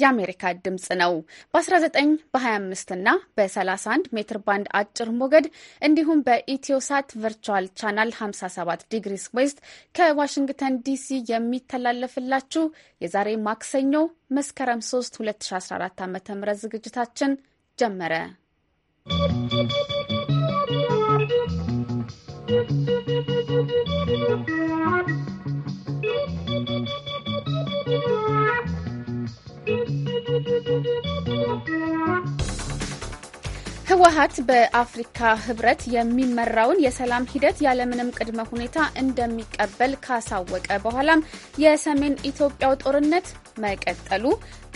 የአሜሪካ ድምፅ ነው። በ19 በ25 እና በ31 ሜትር ባንድ አጭር ሞገድ እንዲሁም በኢትዮሳት ቨርቹዋል ቻናል 57 ዲግሪስ ዌስት ከዋሽንግተን ዲሲ የሚተላለፍላችሁ የዛሬ ማክሰኞ መስከረም 3 2014 ዓ ም ዝግጅታችን ጀመረ። ህወሀት በአፍሪካ ህብረት የሚመራውን የሰላም ሂደት ያለምንም ቅድመ ሁኔታ እንደሚቀበል ካሳወቀ በኋላም የሰሜን ኢትዮጵያው ጦርነት መቀጠሉ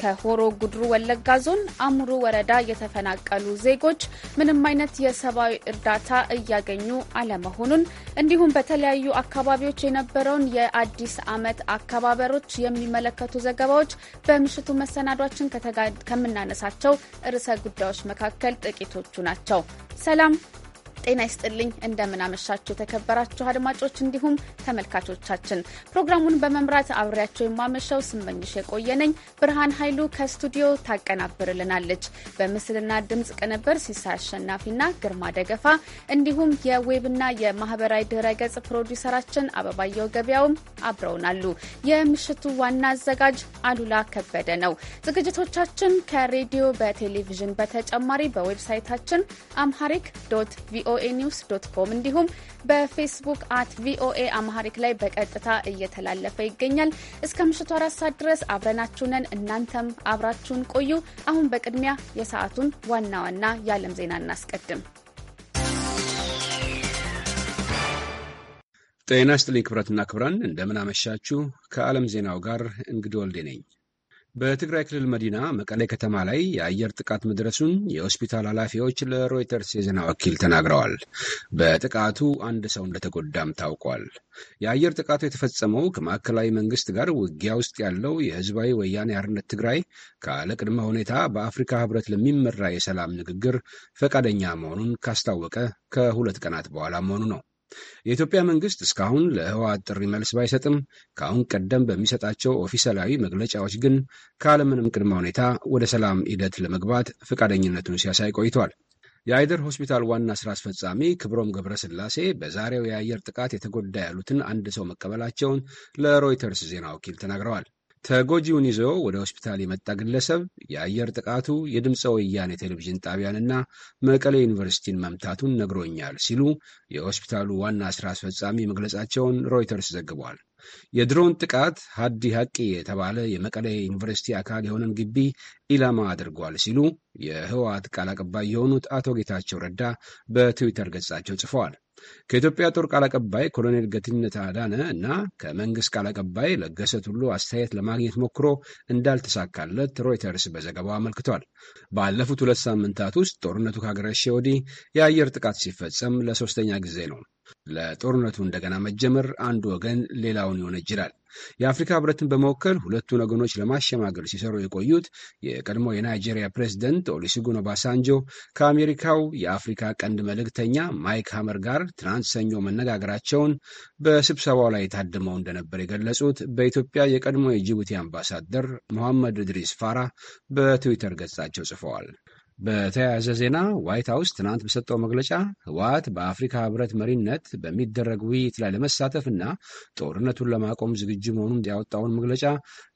ከሆሮ ጉድሩ ወለጋ ዞን አሙሩ ወረዳ የተፈናቀሉ ዜጎች ምንም አይነት የሰብአዊ እርዳታ እያገኙ አለመሆኑን እንዲሁም በተለያዩ አካባቢዎች የነበረውን የአዲስ ዓመት አከባበሮች የሚመለከቱ ዘገባዎች በምሽቱ መሰናዷችን ከምናነሳቸው ርዕሰ ጉዳዮች መካከል ጥቂቶቹ ናቸው። ሰላም ጤና ይስጥልኝ። እንደምናመሻችሁ የተከበራችሁ አድማጮች እንዲሁም ተመልካቾቻችን፣ ፕሮግራሙን በመምራት አብሬያቸው የማመሻው ስመኝሽ የቆየነኝ። ብርሃን ኃይሉ ከስቱዲዮ ታቀናብርልናለች። በምስልና ድምፅ ቅንብር ሲሳ አሸናፊና ግርማ ደገፋ እንዲሁም የዌብና የማህበራዊ ገጽ ፕሮዲውሰራችን አበባየው ገበያውም አብረውናሉ። የምሽቱ ዋና አዘጋጅ አሉላ ከበደ ነው። ዝግጅቶቻችን ከሬዲዮ በቴሌቪዥን በተጨማሪ በዌብሳይታችን አምሃሪክ ዶት ቪኦ ቪኦኤ ኒውስ ዶት ኮም እንዲሁም በፌስቡክ አት ቪኦኤ አማሐሪክ ላይ በቀጥታ እየተላለፈ ይገኛል። እስከ ምሽቱ አራት ሰዓት ድረስ አብረናችሁ እናንተም አብራችሁን ቆዩ። አሁን በቅድሚያ የሰዓቱን ዋና ዋና የዓለም ዜና እናስቀድም። ጤና ስጥልኝ ክብረትና ክብረን እንደምን አመሻችሁ። ከዓለም ዜናው ጋር እንግዲህ ወልዴ ነኝ። በትግራይ ክልል መዲና መቀሌ ከተማ ላይ የአየር ጥቃት መድረሱን የሆስፒታል ኃላፊዎች ለሮይተርስ የዜና ወኪል ተናግረዋል። በጥቃቱ አንድ ሰው እንደተጎዳም ታውቋል። የአየር ጥቃቱ የተፈጸመው ከማዕከላዊ መንግስት ጋር ውጊያ ውስጥ ያለው የህዝባዊ ወያኔ ሓርነት ትግራይ ካለቅድመ ሁኔታ በአፍሪካ ህብረት ለሚመራ የሰላም ንግግር ፈቃደኛ መሆኑን ካስታወቀ ከሁለት ቀናት በኋላ መሆኑ ነው። የኢትዮጵያ መንግሥት እስካሁን ለህወሓት ጥሪ መልስ ባይሰጥም ከአሁን ቀደም በሚሰጣቸው ኦፊሰላዊ መግለጫዎች ግን ካለምንም ቅድመ ሁኔታ ወደ ሰላም ሂደት ለመግባት ፈቃደኝነቱን ሲያሳይ ቆይቷል። የአይደር ሆስፒታል ዋና ስራ አስፈጻሚ ክብሮም ገብረስላሴ በዛሬው የአየር ጥቃት የተጎዳ ያሉትን አንድ ሰው መቀበላቸውን ለሮይተርስ ዜና ወኪል ተናግረዋል። ተጎጂውን ይዞ ወደ ሆስፒታል የመጣ ግለሰብ የአየር ጥቃቱ የድምፀ ወያኔ ቴሌቪዥን ጣቢያንና መቀሌ ዩኒቨርሲቲን መምታቱን ነግሮኛል ሲሉ የሆስፒታሉ ዋና ሥራ አስፈጻሚ መግለጻቸውን ሮይተርስ ዘግቧል። የድሮን ጥቃት ሀዲ ሀቂ የተባለ የመቀሌ ዩኒቨርሲቲ አካል የሆነን ግቢ ኢላማ አድርጓል ሲሉ የህወሓት ቃል አቀባይ የሆኑት አቶ ጌታቸው ረዳ በትዊተር ገጻቸው ጽፈዋል። ከኢትዮጵያ ጦር ቃል አቀባይ ኮሎኔል ገትነት አዳነ እና ከመንግስት ቃል አቀባይ ለገሰ ቱሉ አስተያየት ለማግኘት ሞክሮ እንዳልተሳካለት ሮይተርስ በዘገባው አመልክቷል። ባለፉት ሁለት ሳምንታት ውስጥ ጦርነቱ ካገረሸ ወዲህ የአየር ጥቃት ሲፈጸም ለሶስተኛ ጊዜ ነው። ለጦርነቱ እንደገና መጀመር አንዱ ወገን ሌላውን ይወነጅላል። የአፍሪካ ህብረትን በመወከል ሁለቱን ወገኖች ለማሸማገል ሲሰሩ የቆዩት የቀድሞ የናይጄሪያ ፕሬዚደንት ኦሉሴጉን ኦባሳንጆ ከአሜሪካው የአፍሪካ ቀንድ መልእክተኛ ማይክ ሀመር ጋር ትናንት ሰኞ መነጋገራቸውን በስብሰባው ላይ ታድመው እንደነበር የገለጹት በኢትዮጵያ የቀድሞ የጅቡቲ አምባሳደር መሐመድ እድሪስ ፋራ በትዊተር ገጻቸው ጽፈዋል። በተያያዘ ዜና ዋይት ሀውስ ትናንት በሰጠው መግለጫ ህወሓት በአፍሪካ ህብረት መሪነት በሚደረግ ውይይት ላይ ለመሳተፍ እና ጦርነቱን ለማቆም ዝግጁ መሆኑን ያወጣውን መግለጫ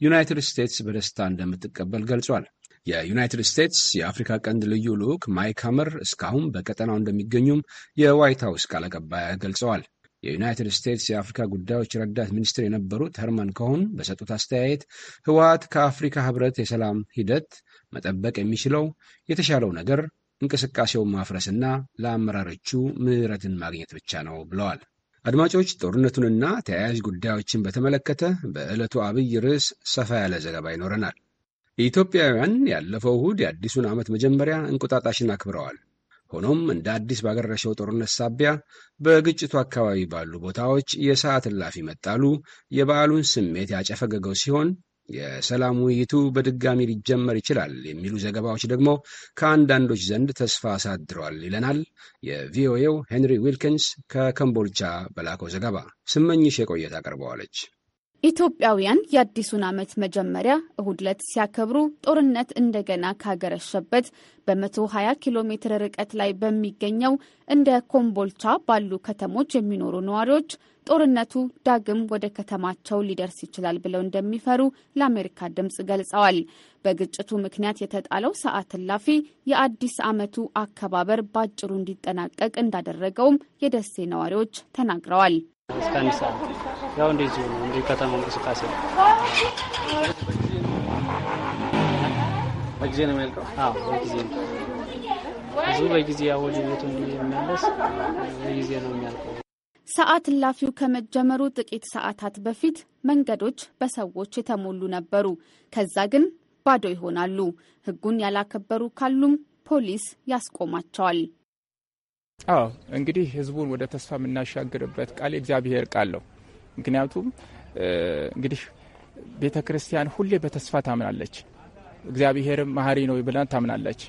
ዩናይትድ ስቴትስ በደስታ እንደምትቀበል ገልጿል። የዩናይትድ ስቴትስ የአፍሪካ ቀንድ ልዩ ልዑክ ማይክ ሀመር እስካሁን በቀጠናው እንደሚገኙም የዋይት ሀውስ ቃል አቀባይ ገልጸዋል። የዩናይትድ ስቴትስ የአፍሪካ ጉዳዮች ረዳት ሚኒስትር የነበሩት ሄርማን ከሆን በሰጡት አስተያየት ህወሓት ከአፍሪካ ህብረት የሰላም ሂደት መጠበቅ የሚችለው የተሻለው ነገር እንቅስቃሴውን ማፍረስና ለአመራሮቹ ምህረትን ማግኘት ብቻ ነው ብለዋል። አድማጮች፣ ጦርነቱንና ተያያዥ ጉዳዮችን በተመለከተ በዕለቱ አብይ ርዕስ ሰፋ ያለ ዘገባ ይኖረናል። ኢትዮጵያውያን ያለፈው እሁድ የአዲሱን ዓመት መጀመሪያ እንቁጣጣሽን አክብረዋል። ሆኖም እንደ አዲስ ባገረሸው ጦርነት ሳቢያ በግጭቱ አካባቢ ባሉ ቦታዎች የሰዓት እላፊ መጣሉ የበዓሉን ስሜት ያጨፈገገው ሲሆን የሰላም ውይይቱ በድጋሚ ሊጀመር ይችላል የሚሉ ዘገባዎች ደግሞ ከአንዳንዶች ዘንድ ተስፋ አሳድረዋል ይለናል የቪኦኤው ሄንሪ ዊልኪንስ ከከምቦልቻ በላከው ዘገባ ስመኝሽ የቆየት አቀርበዋለች። ኢትዮጵያውያን የአዲሱን ዓመት መጀመሪያ እሁድ ዕለት ሲያከብሩ ጦርነት እንደገና ካገረሸበት በ120 ኪሎ ሜትር ርቀት ላይ በሚገኘው እንደ ኮምቦልቻ ባሉ ከተሞች የሚኖሩ ነዋሪዎች ጦርነቱ ዳግም ወደ ከተማቸው ሊደርስ ይችላል ብለው እንደሚፈሩ ለአሜሪካ ድምፅ ገልጸዋል። በግጭቱ ምክንያት የተጣለው ሰዓት እላፊ የአዲስ ዓመቱ አከባበር ባጭሩ እንዲጠናቀቅ እንዳደረገውም የደሴ ነዋሪዎች ተናግረዋል። እስከ አንድ ሰዓት ያው እንደዚሁ ነው። ከተማ እንቅስቃሴ ነው። በጊዜ ነው የሚያልቀው። በጊዜ ነው። ብዙ በጊዜ ቤቱ በጊዜ ነው የሚያልቀው። ሰዓት እላፊው ከመጀመሩ ጥቂት ሰዓታት በፊት መንገዶች በሰዎች የተሞሉ ነበሩ። ከዛ ግን ባዶ ይሆናሉ። ሕጉን ያላከበሩ ካሉም ፖሊስ ያስቆማቸዋል። አዎ እንግዲህ ህዝቡን ወደ ተስፋ የምናሻግርበት ቃል እግዚአብሔር ቃል ነው። ምክንያቱም እንግዲህ ቤተ ክርስቲያን ሁሌ በተስፋ ታምናለች፣ እግዚአብሔርም መሀሪ ነው ብለን ታምናለች።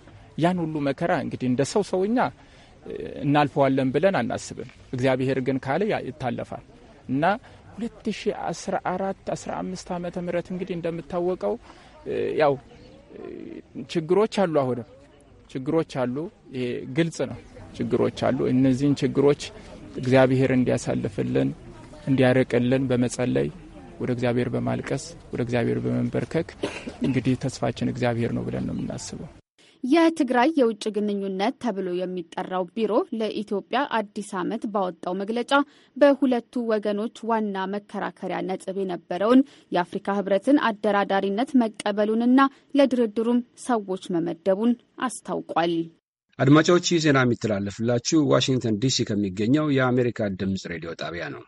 ያን ሁሉ መከራ እንግዲህ እንደ ሰው ሰውኛ እናልፈዋለን ብለን አናስብም። እግዚአብሔር ግን ካለ ይታለፋል እና 2014 15 ዓመተ ምህረት እንግዲህ እንደምታወቀው ያው ችግሮች አሉ፣ አሁንም ችግሮች አሉ። ይሄ ግልጽ ነው። ችግሮች አሉ። እነዚህን ችግሮች እግዚአብሔር እንዲያሳልፍልን እንዲያረቅልን በመጸለይ ወደ እግዚአብሔር በማልቀስ ወደ እግዚአብሔር በመንበርከክ እንግዲህ ተስፋችን እግዚአብሔር ነው ብለን ነው የምናስበው። የትግራይ የውጭ ግንኙነት ተብሎ የሚጠራው ቢሮ ለኢትዮጵያ አዲስ ዓመት ባወጣው መግለጫ በሁለቱ ወገኖች ዋና መከራከሪያ ነጥብ የነበረውን የአፍሪካ ሕብረትን አደራዳሪነት መቀበሉንና ለድርድሩም ሰዎች መመደቡን አስታውቋል። አድማጮች ይህ ዜና የሚተላለፍላችሁ ዋሽንግተን ዲሲ ከሚገኘው የአሜሪካ ድምፅ ሬዲዮ ጣቢያ ነው።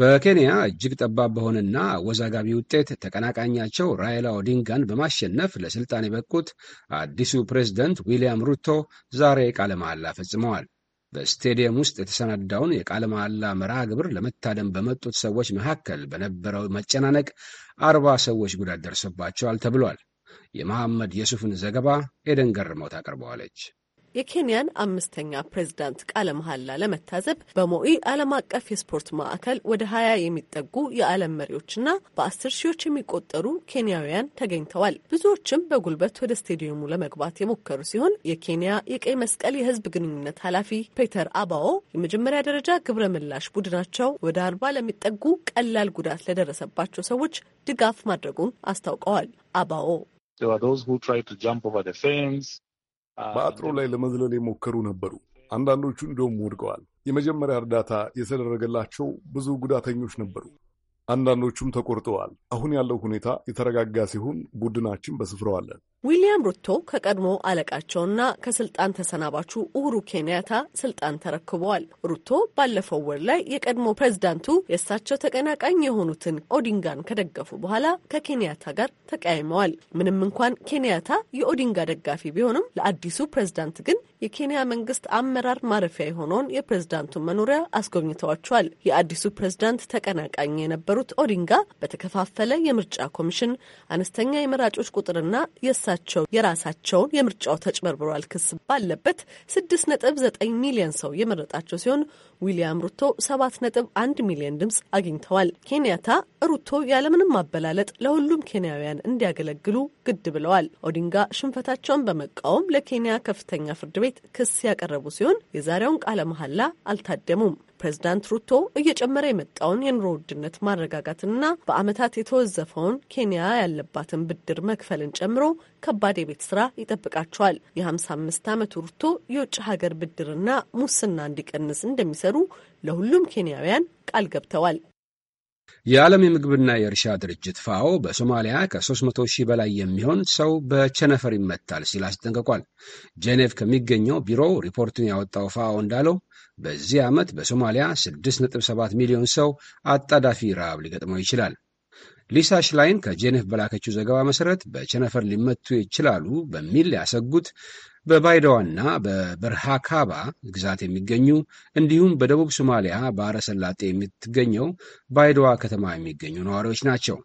በኬንያ እጅግ ጠባብ በሆነና አወዛጋቢ ውጤት ተቀናቃኛቸው ራይላ ኦዲንጋን በማሸነፍ ለስልጣን የበቁት አዲሱ ፕሬዝደንት ዊልያም ሩቶ ዛሬ ቃለ መሐላ ፈጽመዋል። በስቴዲየም ውስጥ የተሰናዳውን የቃለ መሐላ መርሃ ግብር ለመታደም በመጡት ሰዎች መካከል በነበረው መጨናነቅ አርባ ሰዎች ጉዳት ደርሰባቸዋል ተብሏል። የመሐመድ የሱፍን ዘገባ ኤደን ገርመው ታቀርበዋለች። የኬንያን አምስተኛ ፕሬዝዳንት ቃለ መሐላ ለመታዘብ በሞኢ ዓለም አቀፍ የስፖርት ማዕከል ወደ ሀያ የሚጠጉ የዓለም መሪዎችና በአስር ሺዎች የሚቆጠሩ ኬንያውያን ተገኝተዋል። ብዙዎችም በጉልበት ወደ ስቴዲየሙ ለመግባት የሞከሩ ሲሆን የኬንያ የቀይ መስቀል የህዝብ ግንኙነት ኃላፊ ፔተር አባዎ የመጀመሪያ ደረጃ ግብረ ምላሽ ቡድናቸው ወደ አርባ ለሚጠጉ ቀላል ጉዳት ለደረሰባቸው ሰዎች ድጋፍ ማድረጉን አስታውቀዋል። አባዎ በአጥሩ ላይ ለመዝለል የሞከሩ ነበሩ። አንዳንዶቹ እንዲሁም ወድቀዋል። የመጀመሪያ እርዳታ የተደረገላቸው ብዙ ጉዳተኞች ነበሩ። አንዳንዶቹም ተቆርጠዋል። አሁን ያለው ሁኔታ የተረጋጋ ሲሆን ቡድናችን በስፍራው አለ። ዊሊያም ሩቶ ከቀድሞ አለቃቸውና ከስልጣን ተሰናባቹ ኡሁሩ ኬንያታ ስልጣን ተረክበዋል። ሩቶ ባለፈው ወር ላይ የቀድሞ ፕሬዝዳንቱ የእሳቸው ተቀናቃኝ የሆኑትን ኦዲንጋን ከደገፉ በኋላ ከኬንያታ ጋር ተቀያይመዋል። ምንም እንኳን ኬንያታ የኦዲንጋ ደጋፊ ቢሆንም ለአዲሱ ፕሬዝዳንት ግን የኬንያ መንግስት አመራር ማረፊያ የሆነውን የፕሬዝዳንቱን መኖሪያ አስጎብኝተዋቸዋል። የአዲሱ ፕሬዝዳንት ተቀናቃኝ የነበሩት ኦዲንጋ በተከፋፈለ የምርጫ ኮሚሽን አነስተኛ የመራጮች ቁጥርና የሳ ራሳቸው የራሳቸውን የምርጫው ተጭበርብሯል ክስ ባለበት 6.9 ሚሊዮን ሰው የመረጣቸው ሲሆን ዊሊያም ሩቶ 7.1 ነጥብ ሚሊዮን ድምፅ አግኝተዋል። ኬንያታ ሩቶ ያለምንም ማበላለጥ ለሁሉም ኬንያውያን እንዲያገለግሉ ግድ ብለዋል። ኦዲንጋ ሽንፈታቸውን በመቃወም ለኬንያ ከፍተኛ ፍርድ ቤት ክስ ያቀረቡ ሲሆን የዛሬውን ቃለ መሐላ አልታደሙም። ፕሬዚዳንት ሩቶ እየጨመረ የመጣውን የኑሮ ውድነት ማረጋጋትና በዓመታት የተወዘፈውን ኬንያ ያለባትን ብድር መክፈልን ጨምሮ ከባድ የቤት ስራ ይጠብቃቸዋል። የ55 ዓመቱ ሩቶ የውጭ ሀገር ብድርና ሙስና እንዲቀንስ እንደሚሰሩ ለሁሉም ኬንያውያን ቃል ገብተዋል። የዓለም የምግብና የእርሻ ድርጅት ፋኦ በሶማሊያ ከ300 ሺህ በላይ የሚሆን ሰው በቸነፈር ይመታል ሲል አስጠንቅቋል። ጄኔቭ ከሚገኘው ቢሮ ሪፖርቱን ያወጣው ፋኦ እንዳለው በዚህ ዓመት በሶማሊያ 6.7 ሚሊዮን ሰው አጣዳፊ ረሃብ ሊገጥመው ይችላል። ሊሳ ሽላይን ከጄኔቭ በላከችው ዘገባ መሰረት በቸነፈር ሊመቱ ይችላሉ በሚል ያሰጉት በባይደዋና በበርሃካባ ግዛት የሚገኙ እንዲሁም በደቡብ ሶማሊያ ባሕረ ሰላጤ የምትገኘው ባይደዋ ከተማ የሚገኙ ነዋሪዎች ናቸው።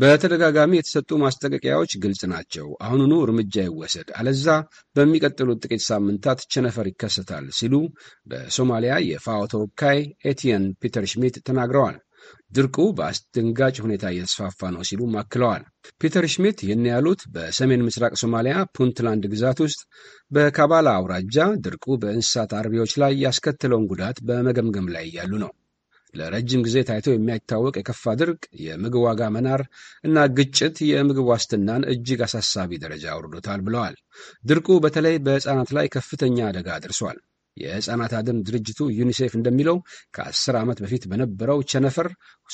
በተደጋጋሚ የተሰጡ ማስጠንቀቂያዎች ግልጽ ናቸው። አሁኑኑ እርምጃ ይወሰድ፣ አለዛ በሚቀጥሉት ጥቂት ሳምንታት ቸነፈር ይከሰታል ሲሉ በሶማሊያ የፋኦ ተወካይ ኤቲየን ፒተር ሽሚት ተናግረዋል። ድርቁ በአስደንጋጭ ሁኔታ እየተስፋፋ ነው ሲሉም አክለዋል። ፒተር ሽሚት ይህን ያሉት በሰሜን ምስራቅ ሶማሊያ ፑንትላንድ ግዛት ውስጥ በካባላ አውራጃ ድርቁ በእንስሳት አርቢዎች ላይ ያስከተለውን ጉዳት በመገምገም ላይ እያሉ ነው። ለረጅም ጊዜ ታይቶ የሚያታወቅ የከፋ ድርቅ፣ የምግብ ዋጋ መናር እና ግጭት የምግብ ዋስትናን እጅግ አሳሳቢ ደረጃ አውርዶታል ብለዋል። ድርቁ በተለይ በሕፃናት ላይ ከፍተኛ አደጋ አድርሷል። የህፃናት አድን ድርጅቱ ዩኒሴፍ እንደሚለው ከ10 ዓመት በፊት በነበረው ቸነፈር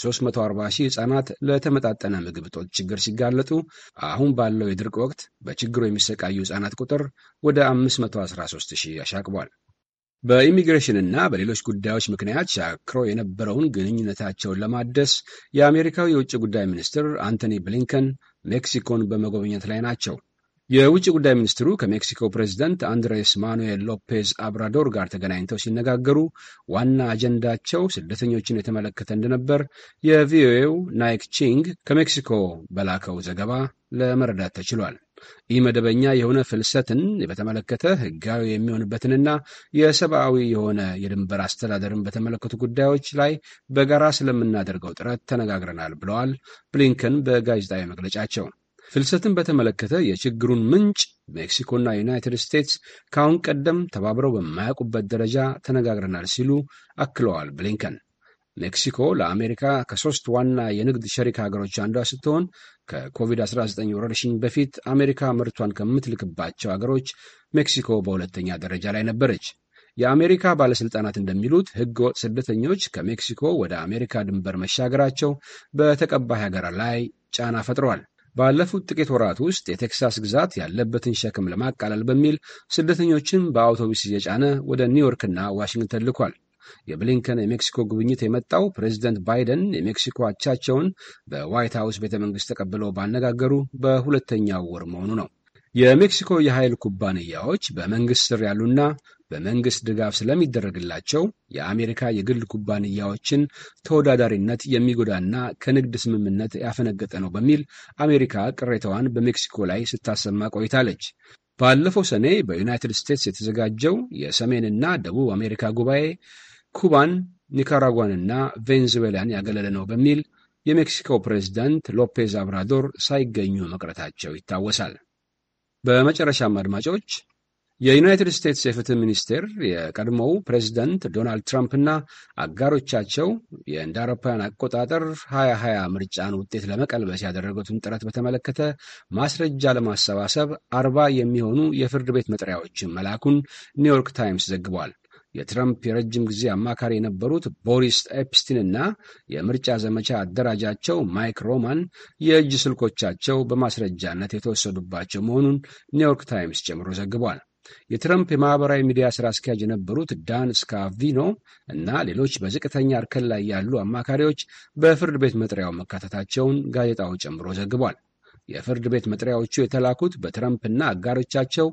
340 ሺህ ህፃናት ለተመጣጠነ ምግብ እጦት ችግር ሲጋለጡ አሁን ባለው የድርቅ ወቅት በችግሩ የሚሰቃዩ ህፃናት ቁጥር ወደ 513 ሺህ ያሻቅቧል። በኢሚግሬሽንና በሌሎች ጉዳዮች ምክንያት ሻክሮ የነበረውን ግንኙነታቸውን ለማደስ የአሜሪካው የውጭ ጉዳይ ሚኒስትር አንቶኒ ብሊንከን ሜክሲኮን በመጎብኘት ላይ ናቸው። የውጭ ጉዳይ ሚኒስትሩ ከሜክሲኮ ፕሬዚደንት አንድሬስ ማኑኤል ሎፔዝ አብራዶር ጋር ተገናኝተው ሲነጋገሩ ዋና አጀንዳቸው ስደተኞችን የተመለከተ እንደነበር የቪኦኤው ናይክ ቺንግ ከሜክሲኮ በላከው ዘገባ ለመረዳት ተችሏል። ይህ መደበኛ የሆነ ፍልሰትን በተመለከተ ሕጋዊ የሚሆንበትንና የሰብአዊ የሆነ የድንበር አስተዳደርን በተመለከቱ ጉዳዮች ላይ በጋራ ስለምናደርገው ጥረት ተነጋግረናል ብለዋል ብሊንከን በጋዜጣዊ መግለጫቸው። ፍልሰትን በተመለከተ የችግሩን ምንጭ ሜክሲኮና ዩናይትድ ስቴትስ ከአሁን ቀደም ተባብረው በማያውቁበት ደረጃ ተነጋግረናል ሲሉ አክለዋል ብሊንከን። ሜክሲኮ ለአሜሪካ ከሶስት ዋና የንግድ ሸሪክ ሀገሮች አንዷ ስትሆን ከኮቪድ-19 ወረርሽኝ በፊት አሜሪካ ምርቷን ከምትልክባቸው ሀገሮች ሜክሲኮ በሁለተኛ ደረጃ ላይ ነበረች። የአሜሪካ ባለሥልጣናት እንደሚሉት ሕገ ወጥ ስደተኞች ከሜክሲኮ ወደ አሜሪካ ድንበር መሻገራቸው በተቀባይ ሀገር ላይ ጫና ፈጥረዋል። ባለፉት ጥቂት ወራት ውስጥ የቴክሳስ ግዛት ያለበትን ሸክም ለማቃለል በሚል ስደተኞችን በአውቶቡስ እየጫነ ወደ ኒውዮርክና ዋሽንግተን ልኳል። የብሊንከን የሜክሲኮ ጉብኝት የመጣው ፕሬዚደንት ባይደን የሜክሲኮ አቻቸውን በዋይት ሀውስ ቤተ ተቀብለው ባነጋገሩ በሁለተኛው ወር መሆኑ ነው። የሜክሲኮ የኃይል ኩባንያዎች በመንግሥት ስር ያሉና በመንግሥት ድጋፍ ስለሚደረግላቸው የአሜሪካ የግል ኩባንያዎችን ተወዳዳሪነት የሚጎዳና ከንግድ ስምምነት ያፈነገጠ ነው በሚል አሜሪካ ቅሬታዋን በሜክሲኮ ላይ ስታሰማ ቆይታለች። ባለፈው ሰኔ በዩናይትድ ስቴትስ የተዘጋጀው የሰሜንና ደቡብ አሜሪካ ጉባኤ ኩባን፣ ኒካራጓንና ቬንዙዌላን ያገለለ ነው በሚል የሜክሲኮ ፕሬዝዳንት ሎፔዝ አብራዶር ሳይገኙ መቅረታቸው ይታወሳል። በመጨረሻም አድማጮች የዩናይትድ ስቴትስ የፍትህ ሚኒስቴር የቀድሞው ፕሬዚደንት ዶናልድ ትራምፕና አጋሮቻቸው የእንደ አውሮፓውያን አቆጣጠር 2020 ምርጫን ውጤት ለመቀልበስ ያደረጉትን ጥረት በተመለከተ ማስረጃ ለማሰባሰብ አርባ የሚሆኑ የፍርድ ቤት መጥሪያዎችን መላኩን ኒውዮርክ ታይምስ ዘግቧል። የትራምፕ የረጅም ጊዜ አማካሪ የነበሩት ቦሪስ ኤፕስቲን እና የምርጫ ዘመቻ አደራጃቸው ማይክ ሮማን የእጅ ስልኮቻቸው በማስረጃነት የተወሰዱባቸው መሆኑን ኒውዮርክ ታይምስ ጨምሮ ዘግቧል። የትረምፕ የማኅበራዊ ሚዲያ ሥራ አስኪያጅ የነበሩት ዳን ስካቪኖ እና ሌሎች በዝቅተኛ እርከን ላይ ያሉ አማካሪዎች በፍርድ ቤት መጥሪያው መካተታቸውን ጋዜጣው ጨምሮ ዘግቧል። የፍርድ ቤት መጥሪያዎቹ የተላኩት በትረምፕና አጋሮቻቸው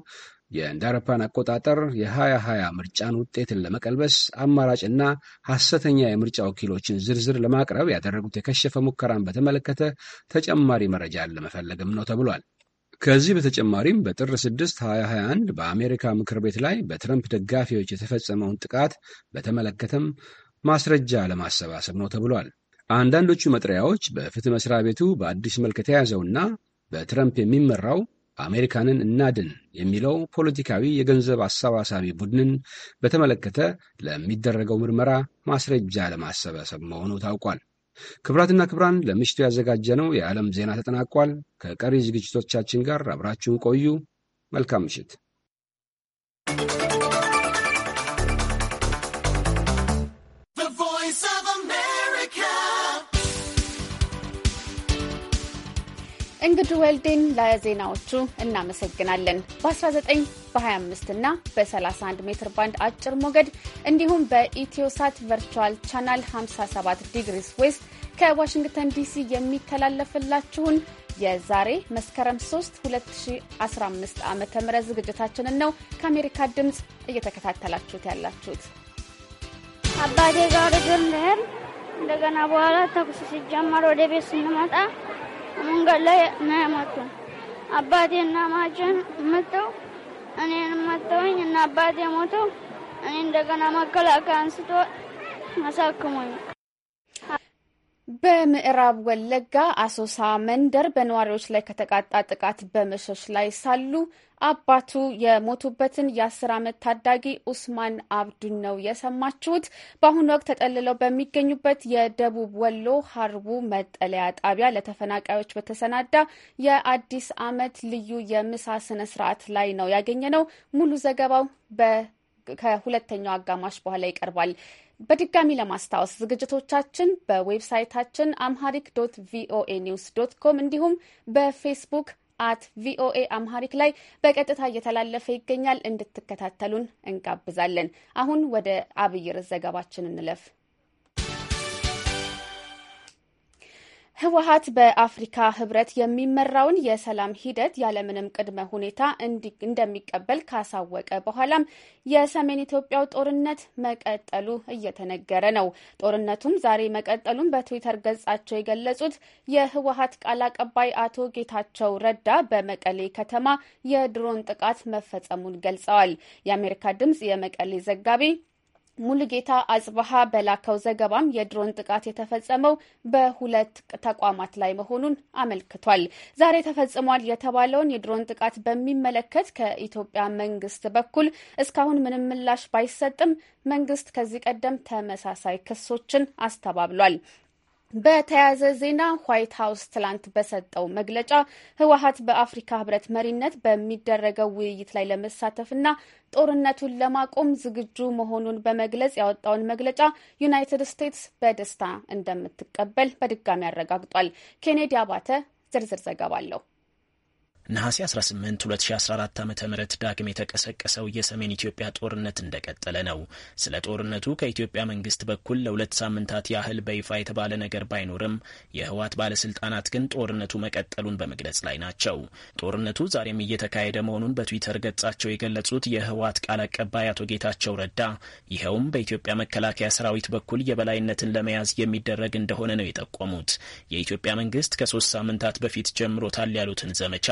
የእንደ አውሮፓን አቆጣጠር የ2020 ምርጫን ውጤትን ለመቀልበስ አማራጭና ሐሰተኛ የምርጫ ወኪሎችን ዝርዝር ለማቅረብ ያደረጉት የከሸፈ ሙከራን በተመለከተ ተጨማሪ መረጃን ለመፈለግም ነው ተብሏል። ከዚህ በተጨማሪም በጥር 6 2021 በአሜሪካ ምክር ቤት ላይ በትረምፕ ደጋፊዎች የተፈጸመውን ጥቃት በተመለከተም ማስረጃ ለማሰባሰብ ነው ተብሏል። አንዳንዶቹ መጥሪያዎች በፍትህ መስሪያ ቤቱ በአዲስ መልክ የተያዘውና በትረምፕ የሚመራው አሜሪካንን እናድን የሚለው ፖለቲካዊ የገንዘብ አሰባሳቢ ቡድንን በተመለከተ ለሚደረገው ምርመራ ማስረጃ ለማሰባሰብ መሆኑ ታውቋል። ክብራትና ክብራን ለምሽቱ ያዘጋጀ ነው። የዓለም ዜና ተጠናቋል። ከቀሪ ዝግጅቶቻችን ጋር አብራችሁን ቆዩ። መልካም ምሽት። እንግዱ ወልዴን ለዜናዎቹ እናመሰግናለን። በ19 በ25 እና በ31 ሜትር ባንድ አጭር ሞገድ እንዲሁም በኢትዮሳት ቨርቹዋል ቻናል 57 ዲግሪስ ዌስት ከዋሽንግተን ዲሲ የሚተላለፍላችሁን የዛሬ መስከረም 3 2015 ዓ ም ዝግጅታችንን ነው ከአሜሪካ ድምፅ እየተከታተላችሁት ያላችሁት። አባቴ ጋር እንደገና በኋላ ተኩስ ሲጀመር ወደ ቤት ስንመጣ መንገድ ላይ ነው የሞቱን። አባቴና ማችን መተው እኔን መተውኝ እና አባቴ ሞተው እኔ እንደገና መከላከያ አንስቶ አሳክሞኝ በምዕራብ ወለጋ አሶሳ መንደር በነዋሪዎች ላይ ከተቃጣ ጥቃት በመሸሽ ላይ ሳሉ አባቱ የሞቱበትን የአስር ዓመት ታዳጊ ኡስማን አብዱን ነው የሰማችሁት። በአሁኑ ወቅት ተጠልለው በሚገኙበት የደቡብ ወሎ ሀርቡ መጠለያ ጣቢያ ለተፈናቃዮች በተሰናዳ የአዲስ ዓመት ልዩ የምሳ ስነ ስርዓት ላይ ነው ያገኘ ነው። ሙሉ ዘገባው በ ከሁለተኛው አጋማሽ በኋላ ይቀርባል። በድጋሚ ለማስታወስ ዝግጅቶቻችን በዌብሳይታችን አምሃሪክ ዶት ቪኦኤ ኒውስ ዶት ኮም እንዲሁም በፌስቡክ አት ቪኦኤ አምሃሪክ ላይ በቀጥታ እየተላለፈ ይገኛል። እንድትከታተሉን እንጋብዛለን። አሁን ወደ አብይር ዘገባችን እንለፍ። ህወሀት በአፍሪካ ህብረት የሚመራውን የሰላም ሂደት ያለምንም ቅድመ ሁኔታ እንደሚቀበል ካሳወቀ በኋላም የሰሜን ኢትዮጵያው ጦርነት መቀጠሉ እየተነገረ ነው። ጦርነቱም ዛሬ መቀጠሉን በትዊተር ገጻቸው የገለጹት የህወሀት ቃል አቀባይ አቶ ጌታቸው ረዳ በመቀሌ ከተማ የድሮን ጥቃት መፈጸሙን ገልጸዋል። የአሜሪካ ድምጽ የመቀሌ ዘጋቢ ሙሉጌታ አጽበሃ በላከው ዘገባም የድሮን ጥቃት የተፈጸመው በሁለት ተቋማት ላይ መሆኑን አመልክቷል። ዛሬ ተፈጽሟል የተባለውን የድሮን ጥቃት በሚመለከት ከኢትዮጵያ መንግስት በኩል እስካሁን ምንም ምላሽ ባይሰጥም መንግስት ከዚህ ቀደም ተመሳሳይ ክሶችን አስተባብሏል። በተያያዘ ዜና ዋይት ሀውስ ትላንት በሰጠው መግለጫ ህወሀት በአፍሪካ ህብረት መሪነት በሚደረገው ውይይት ላይ ለመሳተፍና ጦርነቱን ለማቆም ዝግጁ መሆኑን በመግለጽ ያወጣውን መግለጫ ዩናይትድ ስቴትስ በደስታ እንደምትቀበል በድጋሚ አረጋግጧል። ኬኔዲ አባተ ዝርዝር ዘገባ አለው። ነሐሴ 18 2014 ዓ ም ዳግም የተቀሰቀሰው የሰሜን ኢትዮጵያ ጦርነት እንደቀጠለ ነው። ስለ ጦርነቱ ከኢትዮጵያ መንግስት በኩል ለሁለት ሳምንታት ያህል በይፋ የተባለ ነገር ባይኖርም የህወሓት ባለስልጣናት ግን ጦርነቱ መቀጠሉን በመግለጽ ላይ ናቸው። ጦርነቱ ዛሬም እየተካሄደ መሆኑን በትዊተር ገጻቸው የገለጹት የህወሓት ቃል አቀባይ አቶ ጌታቸው ረዳ ይኸውም በኢትዮጵያ መከላከያ ሰራዊት በኩል የበላይነትን ለመያዝ የሚደረግ እንደሆነ ነው የጠቆሙት። የኢትዮጵያ መንግስት ከሶስት ሳምንታት በፊት ጀምሮታል ያሉትን ዘመቻ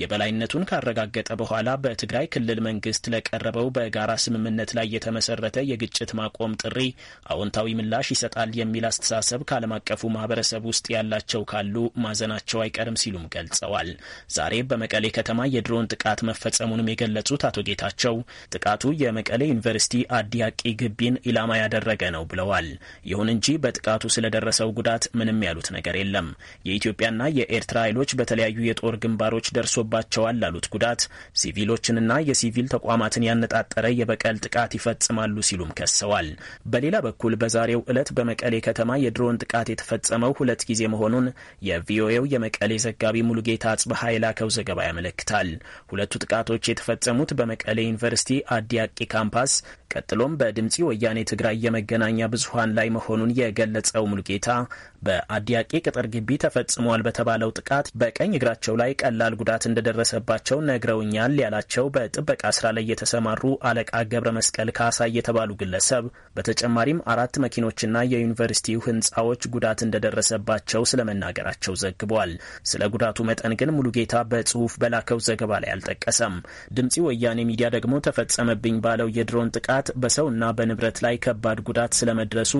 የበላይነቱን ካረጋገጠ በኋላ በትግራይ ክልል መንግስት ለቀረበው በጋራ ስምምነት ላይ የተመሰረተ የግጭት ማቆም ጥሪ አዎንታዊ ምላሽ ይሰጣል የሚል አስተሳሰብ ከዓለም አቀፉ ማህበረሰብ ውስጥ ያላቸው ካሉ ማዘናቸው አይቀርም ሲሉም ገልጸዋል። ዛሬ በመቀሌ ከተማ የድሮን ጥቃት መፈጸሙንም የገለጹት አቶ ጌታቸው ጥቃቱ የመቀሌ ዩኒቨርሲቲ አዲያቂ ግቢን ኢላማ ያደረገ ነው ብለዋል። ይሁን እንጂ በጥቃቱ ስለደረሰው ጉዳት ምንም ያሉት ነገር የለም። የኢትዮጵያና የኤርትራ ኃይሎች በተለያዩ የጦር ግንባሮች ደርሶባቸዋል ላሉት ጉዳት ሲቪሎችንና የሲቪል ተቋማትን ያነጣጠረ የበቀል ጥቃት ይፈጽማሉ ሲሉም ከሰዋል። በሌላ በኩል በዛሬው ዕለት በመቀሌ ከተማ የድሮን ጥቃት የተፈጸመው ሁለት ጊዜ መሆኑን የቪኦኤው የመቀሌ ዘጋቢ ሙሉጌታ አጽበሃ የላከው ዘገባ ያመለክታል። ሁለቱ ጥቃቶች የተፈጸሙት በመቀሌ ዩኒቨርሲቲ አዲያቂ ካምፓስ ቀጥሎም በድምፂ ወያኔ ትግራይ የመገናኛ ብዙሃን ላይ መሆኑን የገለጸው ሙሉጌታ በአዲያቄ ቅጥር ግቢ ተፈጽሟል በተባለው ጥቃት በቀኝ እግራቸው ላይ ቀላል ጉዳት እንደደረሰባቸው ነግረውኛል ያላቸው በጥበቃ ስራ ላይ የተሰማሩ አለቃ ገብረ መስቀል ካሳ የተባሉ ግለሰብ በተጨማሪም አራት መኪኖችና የዩኒቨርሲቲው ህንፃዎች ጉዳት እንደደረሰባቸው ስለመናገራቸው ዘግቧል። ስለ ጉዳቱ መጠን ግን ሙሉጌታ በጽሁፍ በላከው ዘገባ ላይ አልጠቀሰም። ድምፂ ወያኔ ሚዲያ ደግሞ ተፈጸመብኝ ባለው የድሮን ጥቃት በሰውና በንብረት ላይ ከባድ ጉዳት ስለመድረሱ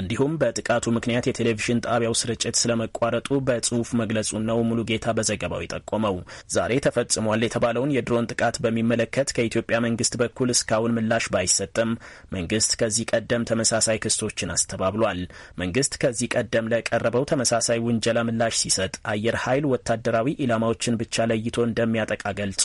እንዲሁም በጥቃቱ ምክንያት የቴሌቪዥን ጣቢያው ስርጭት ስለመቋረጡ በጽሁፍ መግለጹን ነው ሙሉጌታ በዘገባው የጠቆመው። ዛሬ ተፈጽሟል የተባለውን የድሮን ጥቃት በሚመለከት ከኢትዮጵያ መንግስት በኩል እስካሁን ምላሽ ባይሰጥም መንግስት ከዚህ ቀደም ተመሳሳይ ክሶችን አስተባብሏል። መንግስት ከዚህ ቀደም ለቀረበው ተመሳሳይ ውንጀላ ምላሽ ሲሰጥ አየር ኃይል ወታደራዊ ኢላማዎችን ብቻ ለይቶ እንደሚያጠቃ ገልጾ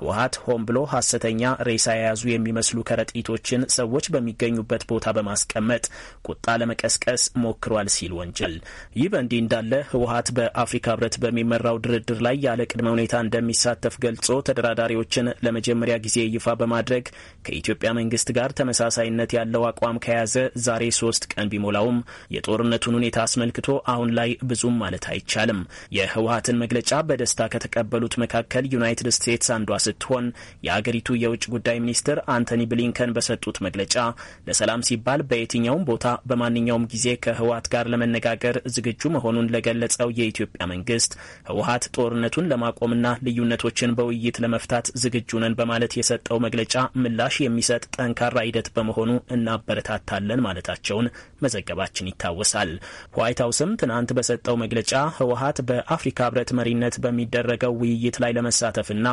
ህወሀት ሆን ብሎ ሀሰተኛ ሬሳ የያዙ የሚመስሉ ከረጢቶችን ሰዎች በሚገኙበት ቦታ በማስቀመጥ ቁጣ ለመቀስቀስ ሞክሯል ሲል ወንጀል ይህ በእንዲህ እንዳለ ህወሀት በአፍሪካ ህብረት በሚመራው ድርድር ላይ ያለ ቅድመ ሁኔታ እንደሚሳተፍ ገልጾ ተደራዳሪዎችን ለመጀመሪያ ጊዜ ይፋ በማድረግ ከኢትዮጵያ መንግስት ጋር ተመሳሳይነት ያለው አቋም ከያዘ ዛሬ ሶስት ቀን ቢሞላውም የጦርነቱን ሁኔታ አስመልክቶ አሁን ላይ ብዙም ማለት አይቻልም። የህወሀትን መግለጫ በደስታ ከተቀበሉት መካከል ዩናይትድ ስቴትስ አንዷ ስትሆን የአገሪቱ የውጭ ጉዳይ ሚኒስትር አንቶኒ ብሊንከን በሰጡት መግለጫ ለሰላም ሲባል በየትኛውም ቦታ በማንኛውም ጊዜ ከህወሀት ጋር ለመነጋገር ለመነጋገር ዝግጁ መሆኑን ለገለጸው የኢትዮጵያ መንግስት ህወሀት ጦርነቱን ለማቆምና ልዩነቶችን በውይይት ለመፍታት ዝግጁ ነን በማለት የሰጠው መግለጫ ምላሽ የሚሰጥ ጠንካራ ሂደት በመሆኑ እናበረታታለን ማለታቸውን መዘገባችን ይታወሳል። ዋይት ሀውስም ትናንት በሰጠው መግለጫ ህወሀት በአፍሪካ ህብረት መሪነት በሚደረገው ውይይት ላይ ለመሳተፍና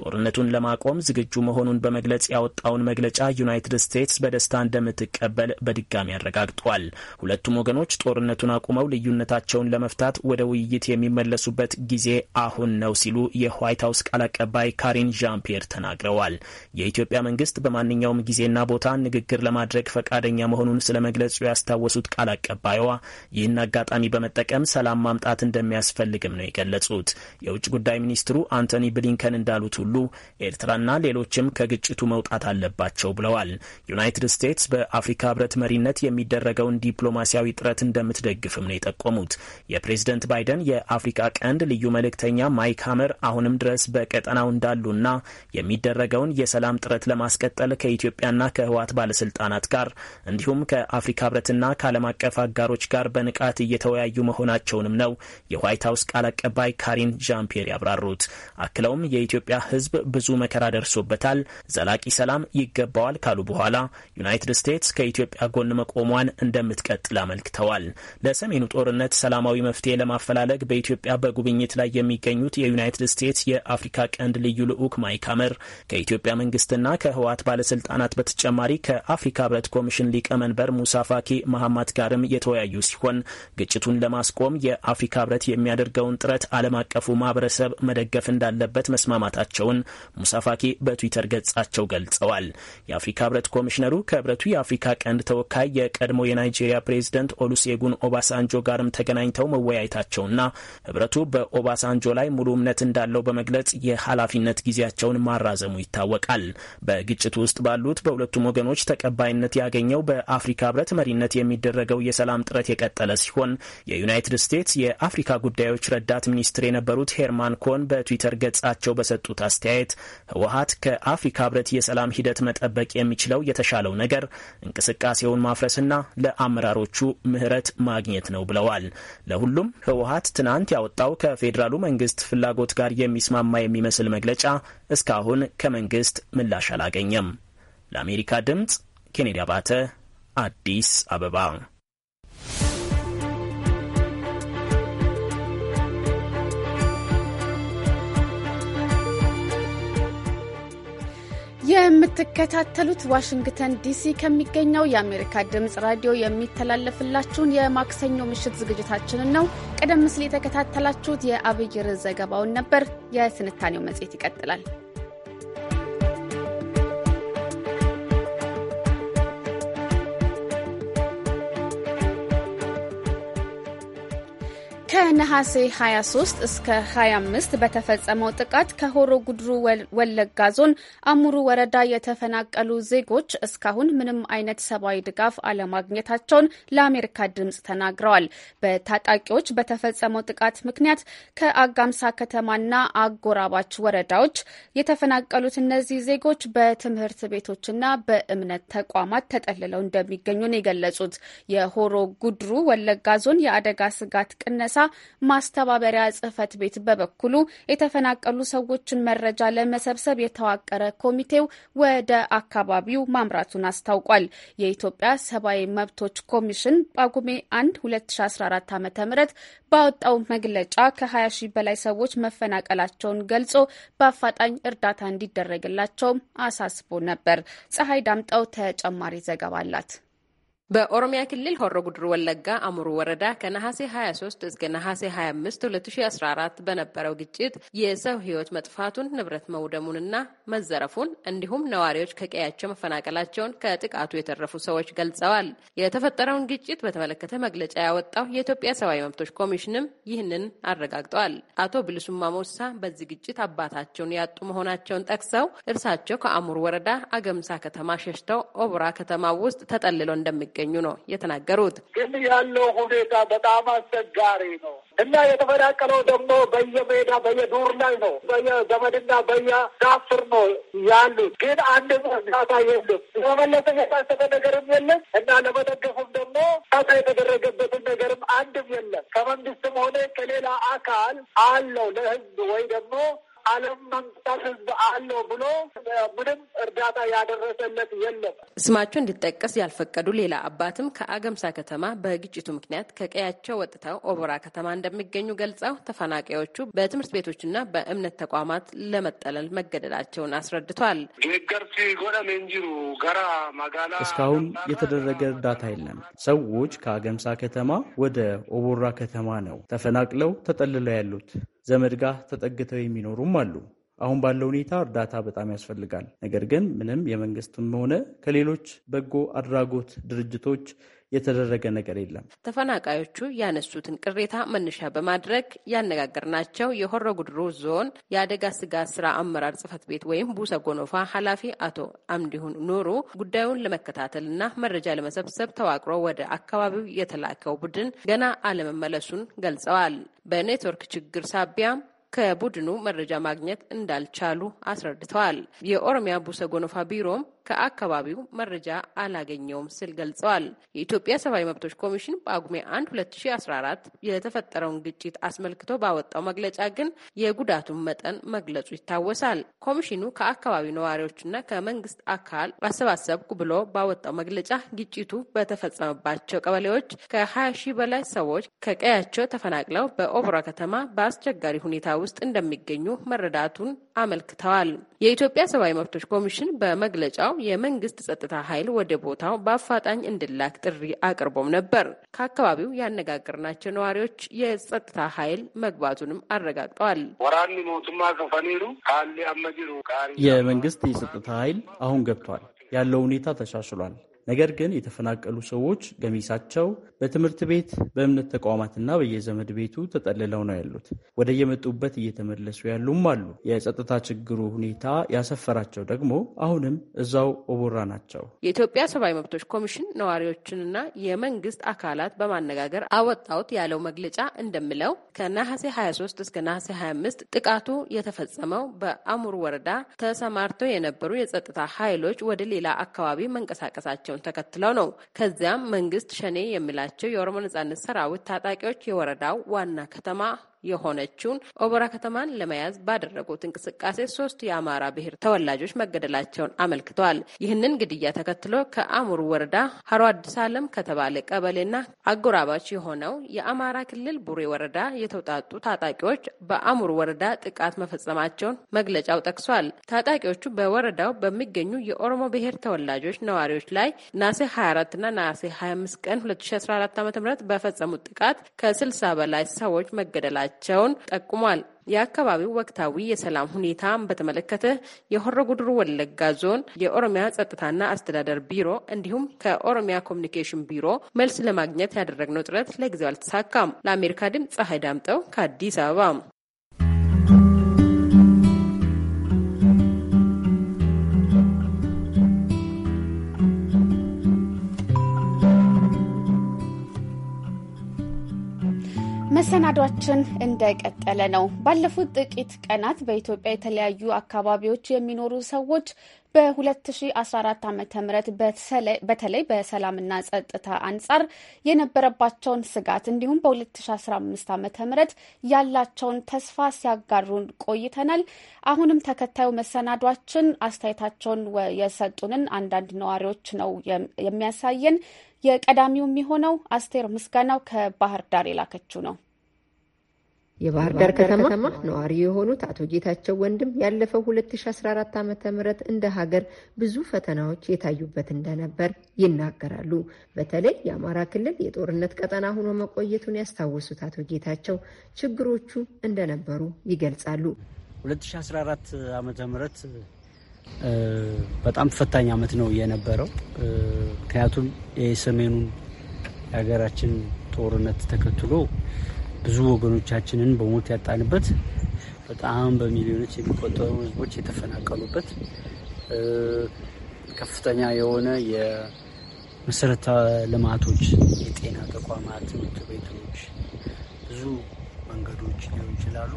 ጦርነቱን ለማቆም ዝግጁ መሆኑን በመግለጽ ያወጣውን መግለጫ ዩናይትድ ስቴትስ በደስታ እንደምትቀበል በድጋሚ አረጋግጧል። ሁለቱም ወገኖች ጦርነቱን አቁመ ተጠቅመው ልዩነታቸውን ለመፍታት ወደ ውይይት የሚመለሱበት ጊዜ አሁን ነው ሲሉ የዋይት ሀውስ ቃል አቀባይ ካሪን ዣን ፒየር ተናግረዋል። የኢትዮጵያ መንግስት በማንኛውም ጊዜና ቦታ ንግግር ለማድረግ ፈቃደኛ መሆኑን ስለ መግለጹ ያስታወሱት ቃል አቀባይዋ ይህን አጋጣሚ በመጠቀም ሰላም ማምጣት እንደሚያስፈልግም ነው የገለጹት። የውጭ ጉዳይ ሚኒስትሩ አንቶኒ ብሊንከን እንዳሉት ሁሉ ኤርትራና ሌሎችም ከግጭቱ መውጣት አለባቸው ብለዋል። ዩናይትድ ስቴትስ በአፍሪካ ህብረት መሪነት የሚደረገውን ዲፕሎማሲያዊ ጥረት እንደምትደግፍ መሆናቸውም ነው የጠቆሙት። የፕሬዝደንት ባይደን የአፍሪካ ቀንድ ልዩ መልእክተኛ ማይክ ሀመር አሁንም ድረስ በቀጠናው እንዳሉና የሚደረገውን የሰላም ጥረት ለማስቀጠል ከኢትዮጵያና ከህወሓት ባለስልጣናት ጋር እንዲሁም ከአፍሪካ ህብረትና ከዓለም አቀፍ አጋሮች ጋር በንቃት እየተወያዩ መሆናቸውንም ነው የዋይት ሀውስ ቃል አቀባይ ካሪን ዣን ያብራሩት። አክለውም የኢትዮጵያ ህዝብ ብዙ መከራ ደርሶበታል፣ ዘላቂ ሰላም ይገባዋል ካሉ በኋላ ዩናይትድ ስቴትስ ከኢትዮጵያ ጎን መቆሟን እንደምትቀጥል አመልክተዋል። ለሰሜኑ ጦርነት ሰላማዊ መፍትሄ ለማፈላለግ በኢትዮጵያ በጉብኝት ላይ የሚገኙት የዩናይትድ ስቴትስ የአፍሪካ ቀንድ ልዩ ልዑክ ማይክ ሀመር ከኢትዮጵያ መንግስትና ከህወሓት ባለስልጣናት በተጨማሪ ከአፍሪካ ህብረት ኮሚሽን ሊቀመንበር ሙሳ ፋኪ መሐማት ጋርም የተወያዩ ሲሆን ግጭቱን ለማስቆም የአፍሪካ ህብረት የሚያደርገውን ጥረት ዓለም አቀፉ ማህበረሰብ መደገፍ እንዳለበት መስማማታቸውን ሙሳ ፋኪ በትዊተር ገጻቸው ገልጸዋል። የአፍሪካ ህብረት ኮሚሽነሩ ከህብረቱ የአፍሪካ ቀንድ ተወካይ የቀድሞ የናይጄሪያ ፕሬዚደንት ኦሉሴጉን ኦባሳ ኦባሳንጆ ጋርም ተገናኝተው መወያየታቸውና ህብረቱ በኦባሳንጆ ላይ ሙሉ እምነት እንዳለው በመግለጽ የኃላፊነት ጊዜያቸውን ማራዘሙ ይታወቃል። በግጭቱ ውስጥ ባሉት በሁለቱም ወገኖች ተቀባይነት ያገኘው በአፍሪካ ህብረት መሪነት የሚደረገው የሰላም ጥረት የቀጠለ ሲሆን የዩናይትድ ስቴትስ የአፍሪካ ጉዳዮች ረዳት ሚኒስትር የነበሩት ሄርማን ኮን በትዊተር ገጻቸው በሰጡት አስተያየት ህወሀት ከአፍሪካ ህብረት የሰላም ሂደት መጠበቅ የሚችለው የተሻለው ነገር እንቅስቃሴውን ማፍረስና ለአመራሮቹ ምህረት ማግኘት ነው ብለዋል። ለሁሉም ህወሀት ትናንት ያወጣው ከፌዴራሉ መንግስት ፍላጎት ጋር የሚስማማ የሚመስል መግለጫ እስካሁን ከመንግስት ምላሽ አላገኘም። ለአሜሪካ ድምጽ ኬኔዲ አባተ አዲስ አበባ የምትከታተሉት ዋሽንግተን ዲሲ ከሚገኘው የአሜሪካ ድምፅ ራዲዮ የሚተላለፍላችሁን የማክሰኞ ምሽት ዝግጅታችንን ነው። ቀደም ሲል የተከታተላችሁት የአብይር ዘገባውን ነበር። የትንታኔው መጽሔት ይቀጥላል። ከነሐሴ 23 እስከ 25 በተፈጸመው ጥቃት ከሆሮ ጉድሩ ወለጋ ዞን አሙሩ ወረዳ የተፈናቀሉ ዜጎች እስካሁን ምንም አይነት ሰብአዊ ድጋፍ አለማግኘታቸውን ለአሜሪካ ድምፅ ተናግረዋል። በታጣቂዎች በተፈጸመው ጥቃት ምክንያት ከአጋምሳ ከተማና አጎራባች ወረዳዎች የተፈናቀሉት እነዚህ ዜጎች በትምህርት ቤቶችና በእምነት ተቋማት ተጠልለው እንደሚገኙ ነው የገለጹት። የሆሮ ጉድሩ ወለጋ ዞን የአደጋ ስጋት ቅነሳ ማስተባበሪያ ጽህፈት ቤት በበኩሉ የተፈናቀሉ ሰዎችን መረጃ ለመሰብሰብ የተዋቀረ ኮሚቴው ወደ አካባቢው ማምራቱን አስታውቋል። የኢትዮጵያ ሰብአዊ መብቶች ኮሚሽን ጳጉሜ 1 2014 ዓ ም ባወጣው መግለጫ ከ20 ሺህ በላይ ሰዎች መፈናቀላቸውን ገልጾ በአፋጣኝ እርዳታ እንዲደረግላቸውም አሳስቦ ነበር። ፀሐይ ዳምጠው ተጨማሪ ዘገባ አላት። በኦሮሚያ ክልል ሆሮ ጉድር ወለጋ አሙሩ ወረዳ ከነሐሴ 23 እስከ ነሐሴ 25 2014 በነበረው ግጭት የሰው ሕይወት መጥፋቱን ንብረት መውደሙንና መዘረፉን እንዲሁም ነዋሪዎች ከቀያቸው መፈናቀላቸውን ከጥቃቱ የተረፉ ሰዎች ገልጸዋል። የተፈጠረውን ግጭት በተመለከተ መግለጫ ያወጣው የኢትዮጵያ ሰብአዊ መብቶች ኮሚሽንም ይህንን አረጋግጠዋል። አቶ ብልሱማ ሞሳ በዚህ ግጭት አባታቸውን ያጡ መሆናቸውን ጠቅሰው እርሳቸው ከአሙሩ ወረዳ አገምሳ ከተማ ሸሽተው ኦብራ ከተማ ውስጥ ተጠልለው እንደሚገ እንደሚገኙ ነው የተናገሩት። ግን ያለው ሁኔታ በጣም አስቸጋሪ ነው እና የተፈናቀለው ደግሞ በየሜዳ በየዱር ላይ ነው፣ በየዘመድና በየዛፍ ስር ነው ያሉት። ግን አንድ እርዳታ የለም፣ ለመመለስ የታሰበ ነገርም የለም እና ለመደገፉም ደግሞ ታ የተደረገበትን ነገርም አንድም የለም። ከመንግስትም ሆነ ከሌላ አካል አለው ለህዝብ ወይ ደግሞ አለም መንግስታት ህዝብ አለው ብሎ ምንም እርዳታ ያደረሰለት የለም። ስማቸው እንዲጠቀስ ያልፈቀዱ ሌላ አባትም ከአገምሳ ከተማ በግጭቱ ምክንያት ከቀያቸው ወጥተው ኦቦራ ከተማ እንደሚገኙ ገልጸው ተፈናቃዮቹ በትምህርት ቤቶችና በእምነት ተቋማት ለመጠለል መገደዳቸውን አስረድቷል። እስካሁን የተደረገ እርዳታ የለም። ሰዎች ከአገምሳ ከተማ ወደ ኦቦራ ከተማ ነው ተፈናቅለው ተጠልለው ያሉት። ዘመድ ጋር ተጠግተው የሚኖሩም አሉ። አሁን ባለው ሁኔታ እርዳታ በጣም ያስፈልጋል። ነገር ግን ምንም የመንግስትም ሆነ ከሌሎች በጎ አድራጎት ድርጅቶች የተደረገ ነገር የለም። ተፈናቃዮቹ ያነሱትን ቅሬታ መነሻ በማድረግ ያነጋገርናቸው የሆሮ ጉድሩ ዞን የአደጋ ስጋት ስራ አመራር ጽህፈት ቤት ወይም ቡሰ ጎኖፋ ኃላፊ አቶ አምዲሁን ኑሩ ጉዳዩን ለመከታተልና መረጃ ለመሰብሰብ ተዋቅሮ ወደ አካባቢው የተላከው ቡድን ገና አለመመለሱን ገልጸዋል። በኔትወርክ ችግር ሳቢያም ከቡድኑ መረጃ ማግኘት እንዳልቻሉ አስረድተዋል። የኦሮሚያ ቡሰ ጎኖፋ ቢሮም ከአካባቢው መረጃ አላገኘውም ስል ገልጸዋል። የኢትዮጵያ ሰብአዊ መብቶች ኮሚሽን በጳጉሜ 1 2014 የተፈጠረውን ግጭት አስመልክቶ ባወጣው መግለጫ ግን የጉዳቱን መጠን መግለጹ ይታወሳል። ኮሚሽኑ ከአካባቢው ነዋሪዎችና ከመንግስት አካል አሰባሰብኩ ብሎ ባወጣው መግለጫ ግጭቱ በተፈጸመባቸው ቀበሌዎች ከ20 ሺህ በላይ ሰዎች ከቀያቸው ተፈናቅለው በኦቦራ ከተማ በአስቸጋሪ ሁኔታ ውስጥ እንደሚገኙ መረዳቱን አመልክተዋል። የኢትዮጵያ ሰብአዊ መብቶች ኮሚሽን በመግለጫው የመንግስት ጸጥታ ኃይል ወደ ቦታው በአፋጣኝ እንድላክ ጥሪ አቅርቦም ነበር። ከአካባቢው ያነጋገርናቸው ነዋሪዎች የጸጥታ ኃይል መግባቱንም አረጋግጠዋል። የመንግስት የጸጥታ ኃይል አሁን ገብቷል። ያለው ሁኔታ ተሻሽሏል። ነገር ግን የተፈናቀሉ ሰዎች ገሚሳቸው በትምህርት ቤት፣ በእምነት ተቋማትና በየዘመድ ቤቱ ተጠልለው ነው ያሉት። ወደ የመጡበት እየተመለሱ ያሉም አሉ። የጸጥታ ችግሩ ሁኔታ ያሰፈራቸው ደግሞ አሁንም እዛው ኦቦራ ናቸው። የኢትዮጵያ ሰብአዊ መብቶች ኮሚሽን ነዋሪዎችንና የመንግስት አካላት በማነጋገር አወጣውት ያለው መግለጫ እንደሚለው ከነሐሴ 23 እስከ ነሐሴ 25 ጥቃቱ የተፈጸመው በአሙር ወረዳ ተሰማርተው የነበሩ የጸጥታ ኃይሎች ወደ ሌላ አካባቢ መንቀሳቀሳቸው። መሆናቸውን ተከትለው ነው። ከዚያም መንግስት ሸኔ የሚላቸው የኦሮሞ ነጻነት ሰራዊት ታጣቂዎች የወረዳው ዋና ከተማ የሆነችውን ኦቦራ ከተማን ለመያዝ ባደረጉት እንቅስቃሴ ሶስት የአማራ ብሔር ተወላጆች መገደላቸውን አመልክተዋል። ይህንን ግድያ ተከትሎ ከአሙር ወረዳ ሀሮ አዲስ አለም ከተባለ ቀበሌና አጎራባች የሆነው የአማራ ክልል ቡሬ ወረዳ የተውጣጡ ታጣቂዎች በአሙር ወረዳ ጥቃት መፈጸማቸውን መግለጫው ጠቅሷል። ታጣቂዎቹ በወረዳው በሚገኙ የኦሮሞ ብሔር ተወላጆች ነዋሪዎች ላይ ናሴ 24ና ናሴ 25 ቀን 2014 ዓ ም በፈጸሙት ጥቃት ከ60 በላይ ሰዎች መገደላቸው መሆናቸውን ጠቁሟል። የአካባቢው ወቅታዊ የሰላም ሁኔታ በተመለከተ የሆረ ጉድሩ ወለጋ ዞን የኦሮሚያ ጸጥታና አስተዳደር ቢሮ እንዲሁም ከኦሮሚያ ኮሚኒኬሽን ቢሮ መልስ ለማግኘት ያደረግነው ጥረት ለጊዜው አልተሳካም። ለአሜሪካ ድምፅ ፀሐይ ዳምጠው ከአዲስ አበባ መሰናዷችን እንደቀጠለ ነው። ባለፉት ጥቂት ቀናት በኢትዮጵያ የተለያዩ አካባቢዎች የሚኖሩ ሰዎች በ2014 ዓ ም በተለይ በሰላምና ጸጥታ አንጻር የነበረባቸውን ስጋት እንዲሁም በ2015 ዓ ም ያላቸውን ተስፋ ሲያጋሩን ቆይተናል። አሁንም ተከታዩ መሰናዷችን አስተያየታቸውን የሰጡንን አንዳንድ ነዋሪዎች ነው የሚያሳየን። የቀዳሚው የሚሆነው አስቴር ምስጋናው ከባህር ዳር የላከችው ነው። የባህር ዳር ከተማ ነዋሪ የሆኑት አቶ ጌታቸው ወንድም ያለፈው 2014 ዓ ም እንደ ሀገር ብዙ ፈተናዎች የታዩበት እንደነበር ይናገራሉ። በተለይ የአማራ ክልል የጦርነት ቀጠና ሆኖ መቆየቱን ያስታወሱት አቶ ጌታቸው ችግሮቹ እንደነበሩ ይገልጻሉ። 2014 ዓ ም በጣም ፈታኝ ዓመት ነው የነበረው። ምክንያቱም የሰሜኑን የሀገራችን ጦርነት ተከትሎ ብዙ ወገኖቻችንን በሞት ያጣንበት በጣም በሚሊዮኖች የሚቆጠሩ ህዝቦች የተፈናቀሉበት ከፍተኛ የሆነ የመሰረተ ልማቶች፣ የጤና ተቋማት፣ ትምህርት ቤቶች፣ ብዙ መንገዶች ሊሆን ይችላሉ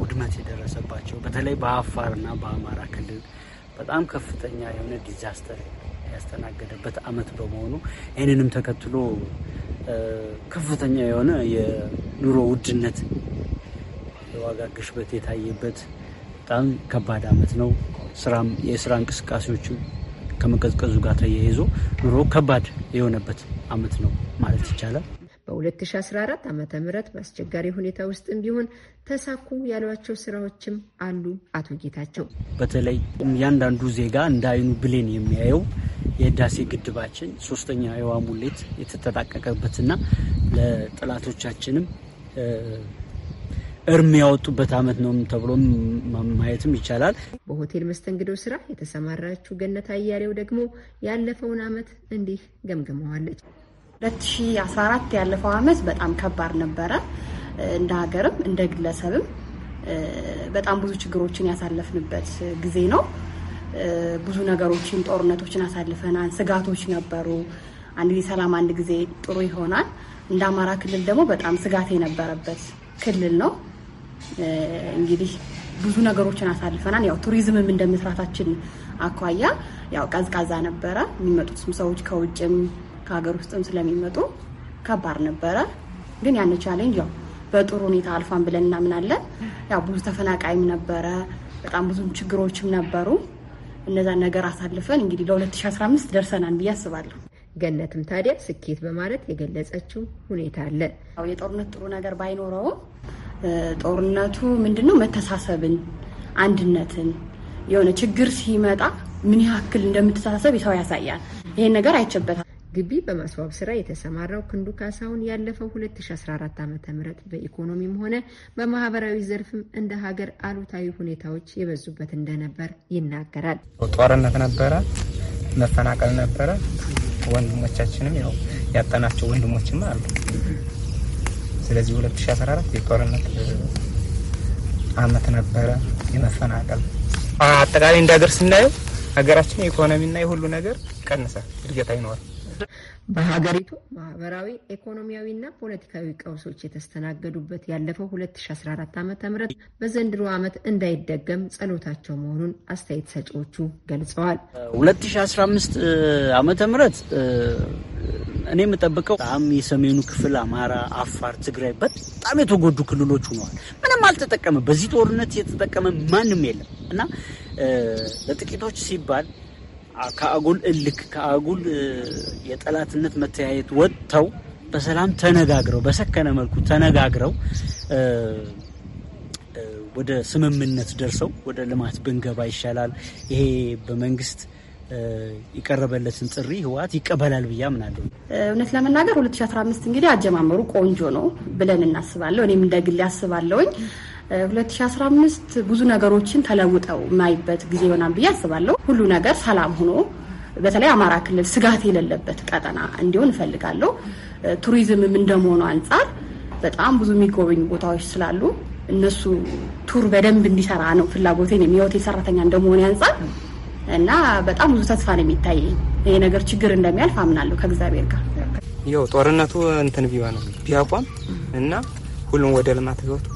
ውድመት የደረሰባቸው በተለይ በአፋርና በአማራ ክልል በጣም ከፍተኛ የሆነ ዲዛስተር ያስተናገደበት አመት በመሆኑ ይህንንም ተከትሎ ከፍተኛ የሆነ የኑሮ ውድነት የዋጋ ግሽበት የታየበት በጣም ከባድ አመት ነው። ስራም የስራ እንቅስቃሴዎቹ ከመቀዝቀዙ ጋር ተያይዞ ኑሮ ከባድ የሆነበት አመት ነው ማለት ይቻላል። በ2014 ዓ ም በአስቸጋሪ ሁኔታ ውስጥም ቢሆን ተሳኩ ያሏቸው ስራዎችም አሉ። አቶ ጌታቸው በተለይ እያንዳንዱ ዜጋ እንደ አይኑ ብሌን የሚያየው የህዳሴ ግድባችን ሶስተኛ የውሃ ሙሌት የተጠናቀቀበትና ለጥላቶቻችንም እርም ያወጡበት አመት ነው ተብሎ ማየትም ይቻላል። በሆቴል መስተንግዶ ስራ የተሰማራችው ገነት አያሌው ደግሞ ያለፈውን አመት እንዲህ ገምግመዋለች። 2014 ያለፈው ዓመት በጣም ከባድ ነበረ። እንደ ሀገርም እንደ ግለሰብም በጣም ብዙ ችግሮችን ያሳለፍንበት ጊዜ ነው። ብዙ ነገሮችን ጦርነቶችን አሳልፈናል። ስጋቶች ነበሩ። አንድ ጊዜ ሰላም፣ አንድ ጊዜ ጥሩ ይሆናል። እንደ አማራ ክልል ደግሞ በጣም ስጋት የነበረበት ክልል ነው። እንግዲህ ብዙ ነገሮችን አሳልፈናል። ያው ቱሪዝምም እንደመስራታችን አኳያ ያው ቀዝቃዛ ነበረ። የሚመጡት ሰዎች ከውጭም ከሀገር ውስጥም ስለሚመጡ ከባድ ነበረ። ግን ያን ቻሌንጅ ያው በጥሩ ሁኔታ አልፋን ብለን እናምናለን። ያው ብዙ ተፈናቃይም ነበረ፣ በጣም ብዙ ችግሮችም ነበሩ። እነዛን ነገር አሳልፈን እንግዲህ ለ2015 ደርሰናል ብዬ አስባለሁ። ገነትም ታዲያ ስኬት በማለት የገለጸችው ሁኔታ አለ። የጦርነት ጥሩ ነገር ባይኖረውም ጦርነቱ ምንድነው መተሳሰብን፣ አንድነትን የሆነ ችግር ሲመጣ ምን ያክል እንደምትተሳሰብ ሰው ያሳያል። ይሄን ነገር አይቼበታል። ግቢ በማስዋብ ስራ የተሰማራው ክንዱ ካሳሁን ያለፈው 2014 ዓ ም በኢኮኖሚም ሆነ በማህበራዊ ዘርፍም እንደ ሀገር አሉታዊ ሁኔታዎች የበዙበት እንደነበር ይናገራል። ጦርነት ነበረ፣ መፈናቀል ነበረ። ወንድሞቻችንም ያው ያጠናቸው ወንድሞችም አሉ። ስለዚህ 2014 የጦርነት አመት ነበረ፣ የመፈናቀል አጠቃላይ እንደ ሀገር ስናየው ሀገራችን የኢኮኖሚና የሁሉ ነገር ቀንሰ እድገት አይኖርም። በሀገሪቱ ማህበራዊ ኢኮኖሚያዊና ፖለቲካዊ ቀውሶች የተስተናገዱበት ያለፈው 2014 ዓ ም በዘንድሮ ዓመት እንዳይደገም ጸሎታቸው መሆኑን አስተያየት ሰጪዎቹ ገልጸዋል። 2015 ዓ ም እኔ የምጠብቀው በጣም የሰሜኑ ክፍል አማራ፣ አፋር፣ ትግራይ በጣም የተጎዱ ክልሎች ሆነዋል። ምንም አልተጠቀመም። በዚህ ጦርነት የተጠቀመ ማንም የለም እና ለጥቂቶች ሲባል ከአጉል እልክ ከአጉል የጠላትነት መተያየት ወጥተው በሰላም ተነጋግረው በሰከነ መልኩ ተነጋግረው ወደ ስምምነት ደርሰው ወደ ልማት ብንገባ ይሻላል። ይሄ በመንግስት የቀረበለትን ጥሪ ህወሓት ይቀበላል ብዬ አምናለሁ። እውነት ለመናገር 2015 እንግዲህ አጀማመሩ ቆንጆ ነው ብለን እናስባለሁ። እኔም እንደግል አስባለሁኝ። 2015 ብዙ ነገሮችን ተለውጠው የማይበት ጊዜ ይሆናል ብዬ አስባለሁ። ሁሉ ነገር ሰላም ሆኖ በተለይ አማራ ክልል ስጋት የሌለበት ቀጠና እንዲሆን እፈልጋለሁ። ቱሪዝምም እንደመሆኑ አንጻር በጣም ብዙ የሚጎበኙ ቦታዎች ስላሉ እነሱ ቱር በደንብ እንዲሰራ ነው ፍላጎቴ። የሆቴል ሰራተኛ እንደመሆኔ አንጻር እና በጣም ብዙ ተስፋ ነው የሚታየኝ። ይሄ ነገር ችግር እንደሚያልፍ አምናለሁ ከእግዚአብሔር ጋር። ያው ጦርነቱ እንትን ቢሆንም ቢያቋም እና ሁሉም ወደ ልማት ገብቶ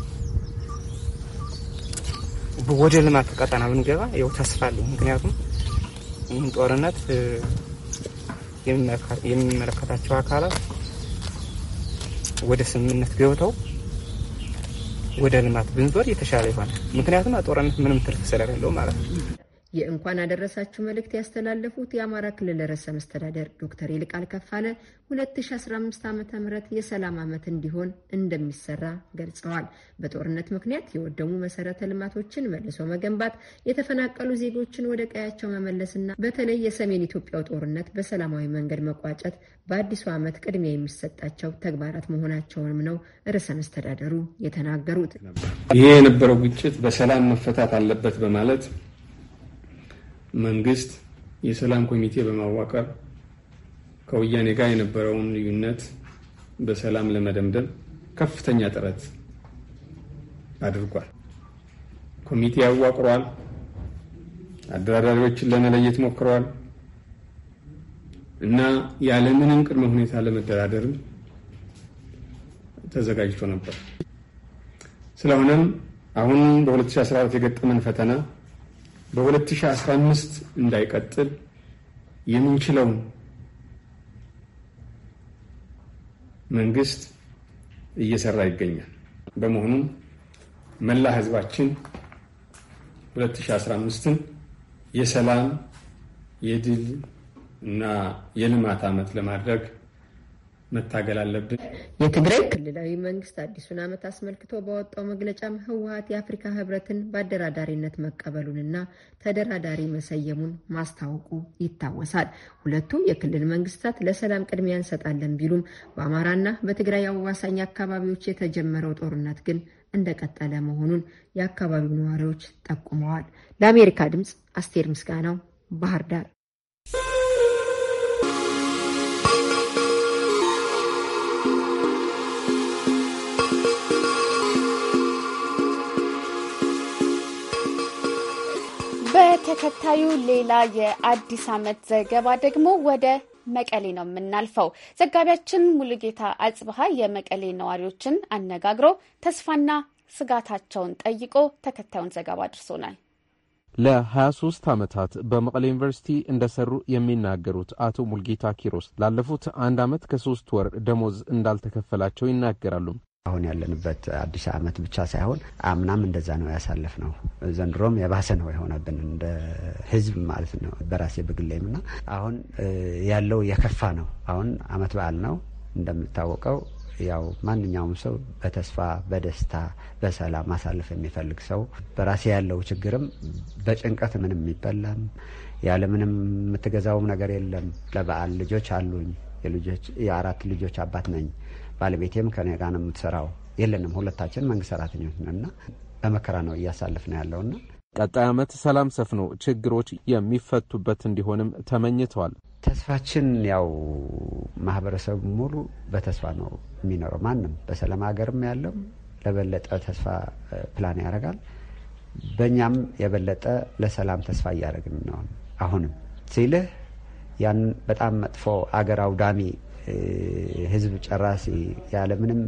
ወደ ልማት ቀጠና ብንገባ ያው ተስፋ አለኝ። ምክንያቱም ይህን ጦርነት የሚመለከታቸው አካላት ወደ ስምምነት ገብተው ወደ ልማት ብንዞር የተሻለ ይሆናል። ምክንያቱም ጦርነት ምንም ትርፍ ስለሌለው ማለት ነው። የእንኳን አደረሳችሁ መልእክት ያስተላለፉት የአማራ ክልል ርዕሰ መስተዳደር ዶክተር ይልቃል ከፋለ 2015 ዓ ም የሰላም ዓመት እንዲሆን እንደሚሰራ ገልጸዋል። በጦርነት ምክንያት የወደሙ መሰረተ ልማቶችን መልሶ መገንባት፣ የተፈናቀሉ ዜጎችን ወደ ቀያቸው መመለስና በተለይ የሰሜን ኢትዮጵያው ጦርነት በሰላማዊ መንገድ መቋጨት በአዲሱ ዓመት ቅድሚያ የሚሰጣቸው ተግባራት መሆናቸውንም ነው ርዕሰ መስተዳደሩ የተናገሩት። ይሄ የነበረው ግጭት በሰላም መፈታት አለበት በማለት መንግስት የሰላም ኮሚቴ በማዋቀር ከወያኔ ጋር የነበረውን ልዩነት በሰላም ለመደምደም ከፍተኛ ጥረት አድርጓል። ኮሚቴ አዋቅሯል። አደራዳሪዎችን ለመለየት ሞክረዋል እና ያለምንም ቅድመ ሁኔታ ለመደራደርም ተዘጋጅቶ ነበር። ስለሆነም አሁን በ2014 የገጠመን ፈተና በ2015 እንዳይቀጥል የምንችለውን መንግስት እየሰራ ይገኛል። በመሆኑም መላ ህዝባችን 2015ን የሰላም የድል እና የልማት ዓመት ለማድረግ መታገል አለብን። የትግራይ ክልላዊ መንግስት አዲሱን ዓመት አስመልክቶ በወጣው መግለጫም ህወሀት የአፍሪካ ህብረትን በአደራዳሪነት መቀበሉንና ተደራዳሪ መሰየሙን ማስታወቁ ይታወሳል። ሁለቱ የክልል መንግስታት ለሰላም ቅድሚያ እንሰጣለን ቢሉም በአማራና በትግራይ አዋሳኝ አካባቢዎች የተጀመረው ጦርነት ግን እንደቀጠለ መሆኑን የአካባቢው ነዋሪዎች ጠቁመዋል። ለአሜሪካ ድምፅ አስቴር ምስጋናው ባህር ዳር ተከታዩ ሌላ የአዲስ ዓመት ዘገባ ደግሞ ወደ መቀሌ ነው የምናልፈው። ዘጋቢያችን ሙሉጌታ አጽብሃ የመቀሌ ነዋሪዎችን አነጋግሮ ተስፋና ስጋታቸውን ጠይቆ ተከታዩን ዘገባ አድርሶናል። ለ23 ዓመታት በመቀሌ ዩኒቨርሲቲ እንደሰሩ የሚናገሩት አቶ ሙልጌታ ኪሮስ ላለፉት አንድ ዓመት ከሶስት ወር ደሞዝ እንዳልተከፈላቸው ይናገራሉ። አሁን ያለንበት አዲስ ዓመት ብቻ ሳይሆን አምናም እንደዛ ነው ያሳለፍ ነው። ዘንድሮም የባሰ ነው የሆነብን እንደ ህዝብ ማለት ነው። በራሴ በግሌም እና አሁን ያለው የከፋ ነው። አሁን አመት በዓል ነው እንደምታወቀው ያው ማንኛውም ሰው በተስፋ በደስታ በሰላም ማሳለፍ የሚፈልግ ሰው በራሴ ያለው ችግርም በጭንቀት ምንም የሚበላም ያለ ምንም የምትገዛውም ነገር የለም። ለበዓል ልጆች አሉኝ። የአራት ልጆች አባት ነኝ። ባለቤቴም ከኔ ጋር ነው የምትሰራው። የለንም ሁለታችን መንግስት ሰራተኞች ነንና በመከራ ነው እያሳልፍ ነው ያለውና ቀጣይ ዓመት ሰላም ሰፍኖ ችግሮች የሚፈቱበት እንዲሆንም ተመኝተዋል። ተስፋችን ያው ማህበረሰቡ ሙሉ በተስፋ ነው የሚኖረው። ማንም በሰላም ሀገርም ያለው ለበለጠ ተስፋ ፕላን ያደርጋል። በእኛም የበለጠ ለሰላም ተስፋ እያደረግን ነው። አሁንም ሲልህ ያን በጣም መጥፎ አገር አውዳሚ ህዝብ ጨራሲ ያለምንም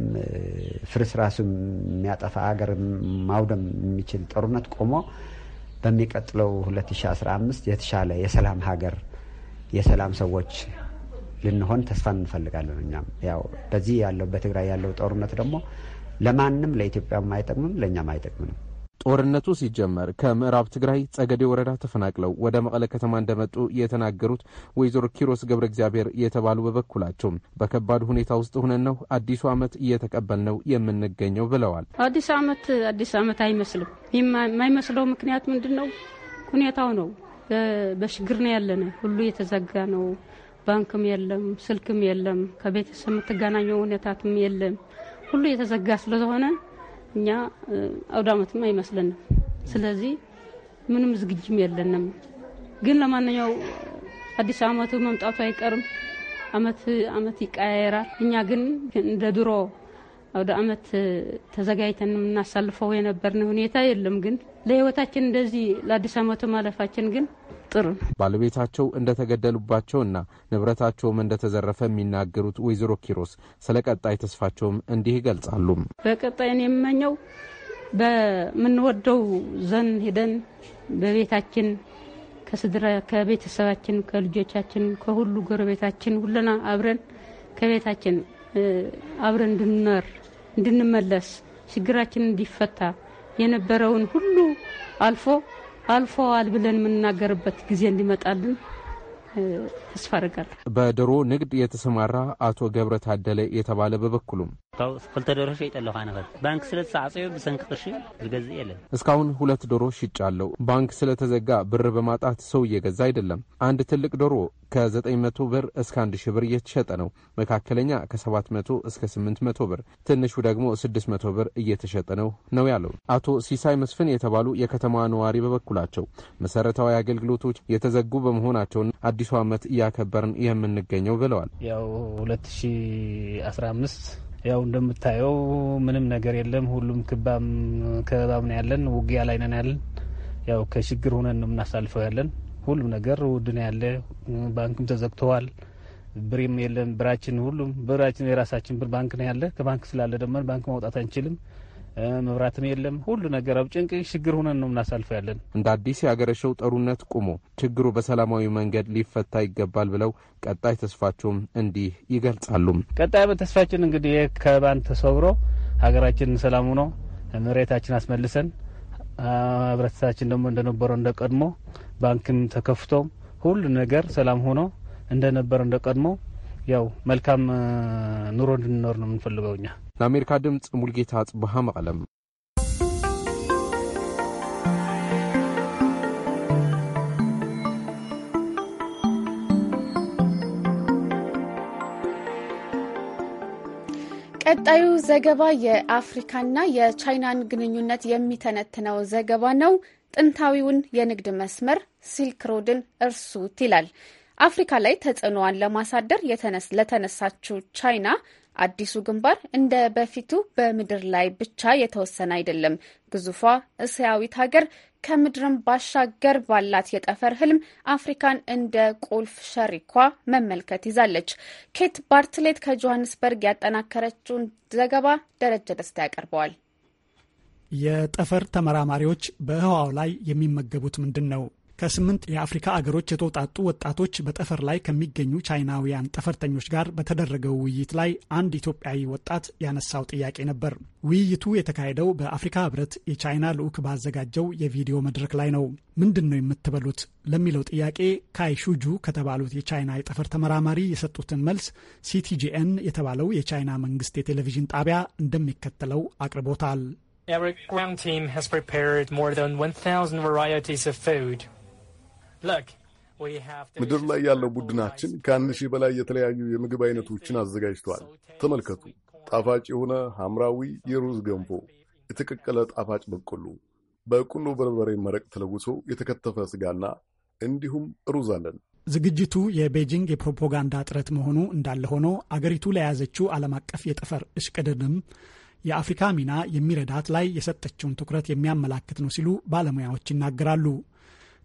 ፍርስራሱ የሚያጠፋ ሀገር ማውደም የሚችል ጦርነት ቆሞ በሚቀጥለው 2015 የተሻለ የሰላም ሀገር የሰላም ሰዎች ልንሆን ተስፋ እንፈልጋለን። እኛም ያው በዚህ ያለው በትግራይ ያለው ጦርነት ደግሞ ለማንም ለኢትዮጵያም አይጠቅምም፣ ለእኛም አይጠቅምንም። ጦርነቱ ሲጀመር ከምዕራብ ትግራይ ጸገዴ ወረዳ ተፈናቅለው ወደ መቀለ ከተማ እንደመጡ የተናገሩት ወይዘሮ ኪሮስ ገብረ እግዚአብሔር የተባሉ በበኩላቸው በከባድ ሁኔታ ውስጥ ሁነን ነው አዲሱ ዓመት እየተቀበል ነው የምንገኘው ብለዋል። አዲስ ዓመት አዲስ ዓመት አይመስልም። የማይመስለው ምክንያት ምንድን ነው? ሁኔታው ነው። በችግር ነው ያለነ። ሁሉ የተዘጋ ነው። ባንክም የለም፣ ስልክም የለም፣ ከቤተሰብ የምትገናኘው ሁኔታትም የለም። ሁሉ የተዘጋ ስለሆነ እኛ አውደ አመትም አይመስለንም። ስለዚህ ምንም ዝግጅም የለንም። ግን ለማንኛው አዲስ አመቱ መምጣቱ አይቀርም። አመት አመት ይቀያየራል። እኛ ግን እንደ ድሮ አውደ አመት ተዘጋጅተን የምናሳልፈው የነበርን ሁኔታ የለም ግን ለህይወታችን እንደዚህ ለአዲስ አመቱ ማለፋችን ግን ጥሩ ነው። ባለቤታቸው እንደተገደሉባቸውና ንብረታቸውም እንደተዘረፈ የሚናገሩት ወይዘሮ ኪሮስ ስለ ቀጣይ ተስፋቸውም እንዲህ ይገልጻሉ። በቀጣይ የምመኘው በምንወደው ዘን ሄደን በቤታችን ከስድራ ከቤተሰባችን ከልጆቻችን ከሁሉ ጎረቤታችን ሁለና አብረን ከቤታችን አብረን እንድንኖር እንድንመለስ ችግራችን እንዲፈታ የነበረውን ሁሉ አልፎ አልፈዋል ብለን የምንናገርበት ጊዜ እንዲመጣልን ተስፋ አደርጋለሁ። በዶሮ ንግድ የተሰማራ አቶ ገብረ ታደለ የተባለ በበኩሉም ክልተ ዶሮ ሸይጠ ኣለኹ ኣነ ባንክ ስለተሳዕፀዮ ብሰንኪ ቅርሺ ዝገዝእ የለን። እስካሁን ሁለት ዶሮ ሽጫለሁ። ባንክ ስለተዘጋ ብር በማጣት ሰው እየገዛ አይደለም። አንድ ትልቅ ዶሮ ከ900 ብር እስከ 1000 ብር እየተሸጠ ነው። መካከለኛ ከ700 እስከ 800 ብር፣ ትንሹ ደግሞ 600 ብር እየተሸጠ ነው ነው ያለው አቶ ሲሳይ መስፍን የተባሉ የከተማዋ ነዋሪ በበኩላቸው መሰረታዊ አገልግሎቶች የተዘጉ በመሆናቸውን አዲስ አዲሱ ዓመት እያከበርን የምንገኘው ብለዋል። ያው 2015 ያው እንደምታየው ምንም ነገር የለም። ሁሉም ክባም ከባብ ነው ያለን፣ ውጊያ ላይ ነን ያለን። ያው ከችግር ሆነን ነው የምናሳልፈው ያለን። ሁሉም ነገር ውድ ነው ያለ፣ ባንክም ተዘግተዋል። ብሬም የለም ብራችን፣ ሁሉም ብራችን የራሳችን ብር ባንክ ነው ያለ። ከባንክ ስላለ ደግሞ ባንክ ማውጣት አንችልም። መብራትም የለም። ሁሉ ነገር አብ ጭንቅ ችግር ሆነን ነው እናሳልፈው ያለን። እንደ አዲስ የአገረሸው ጠሩነት ቁሞ ችግሩ በሰላማዊ መንገድ ሊፈታ ይገባል ብለው ቀጣይ ተስፋቸውም እንዲህ ይገልጻሉ። ቀጣይ በተስፋችን እንግዲህ ከባን ተሰብሮ ሀገራችን ሰላም ሆኖ መሬታችን አስመልሰን ህብረተሰባችን ደግሞ እንደነበረው እንደ ቀድሞ ባንክም ተከፍቶ ሁሉ ነገር ሰላም ሆኖ እንደነበረ እንደ ቀድሞ ያው መልካም ኑሮ እንድንኖር ነው የምንፈልገው እኛ ለአሜሪካ ድምፅ ሙልጌታ ጽብሃ መቐለም ቀጣዩ ዘገባ የአፍሪካና የቻይናን ግንኙነት የሚተነትነው ዘገባ ነው። ጥንታዊውን የንግድ መስመር ሲልክ ሮድን እርሱት ይላል። አፍሪካ ላይ ተጽዕኖዋን ለማሳደር ለተነሳችው ቻይና አዲሱ ግንባር እንደ በፊቱ በምድር ላይ ብቻ የተወሰነ አይደለም። ግዙፏ እስያዊት ሀገር ከምድርም ባሻገር ባላት የጠፈር ህልም አፍሪካን እንደ ቁልፍ ሸሪኳ መመልከት ይዛለች። ኬት ባርትሌት ከጆሃንስበርግ ያጠናከረችውን ዘገባ ደረጀ ደስታ ያቀርበዋል። የጠፈር ተመራማሪዎች በህዋው ላይ የሚመገቡት ምንድን ነው? ከስምንት የአፍሪካ አገሮች የተውጣጡ ወጣቶች በጠፈር ላይ ከሚገኙ ቻይናውያን ጠፈርተኞች ጋር በተደረገው ውይይት ላይ አንድ ኢትዮጵያዊ ወጣት ያነሳው ጥያቄ ነበር። ውይይቱ የተካሄደው በአፍሪካ ሕብረት የቻይና ልዑክ ባዘጋጀው የቪዲዮ መድረክ ላይ ነው። ምንድን ነው የምትበሉት ለሚለው ጥያቄ ካይ ሹጁ ከተባሉት የቻይና የጠፈር ተመራማሪ የሰጡትን መልስ ሲቲጂኤን የተባለው የቻይና መንግስት የቴሌቪዥን ጣቢያ እንደሚከተለው አቅርቦታል። Eric Round Team has prepared more than 1,000 varieties of food. ምድር ላይ ያለው ቡድናችን ከአንድ ሺህ በላይ የተለያዩ የምግብ አይነቶችን አዘጋጅቷል። ተመልከቱ፣ ጣፋጭ የሆነ ሐምራዊ የሩዝ ገንፎ፣ የተቀቀለ ጣፋጭ በቆሎ፣ በቆሎ በርበሬ መረቅ ተለውሶ የተከተፈ ስጋና እንዲሁም ሩዝ አለን። ዝግጅቱ የቤጂንግ የፕሮፓጋንዳ ጥረት መሆኑ እንዳለ ሆኖ አገሪቱ ለያዘችው ዓለም አቀፍ የጠፈር እሽቅድድም የአፍሪካ ሚና የሚረዳት ላይ የሰጠችውን ትኩረት የሚያመላክት ነው ሲሉ ባለሙያዎች ይናገራሉ።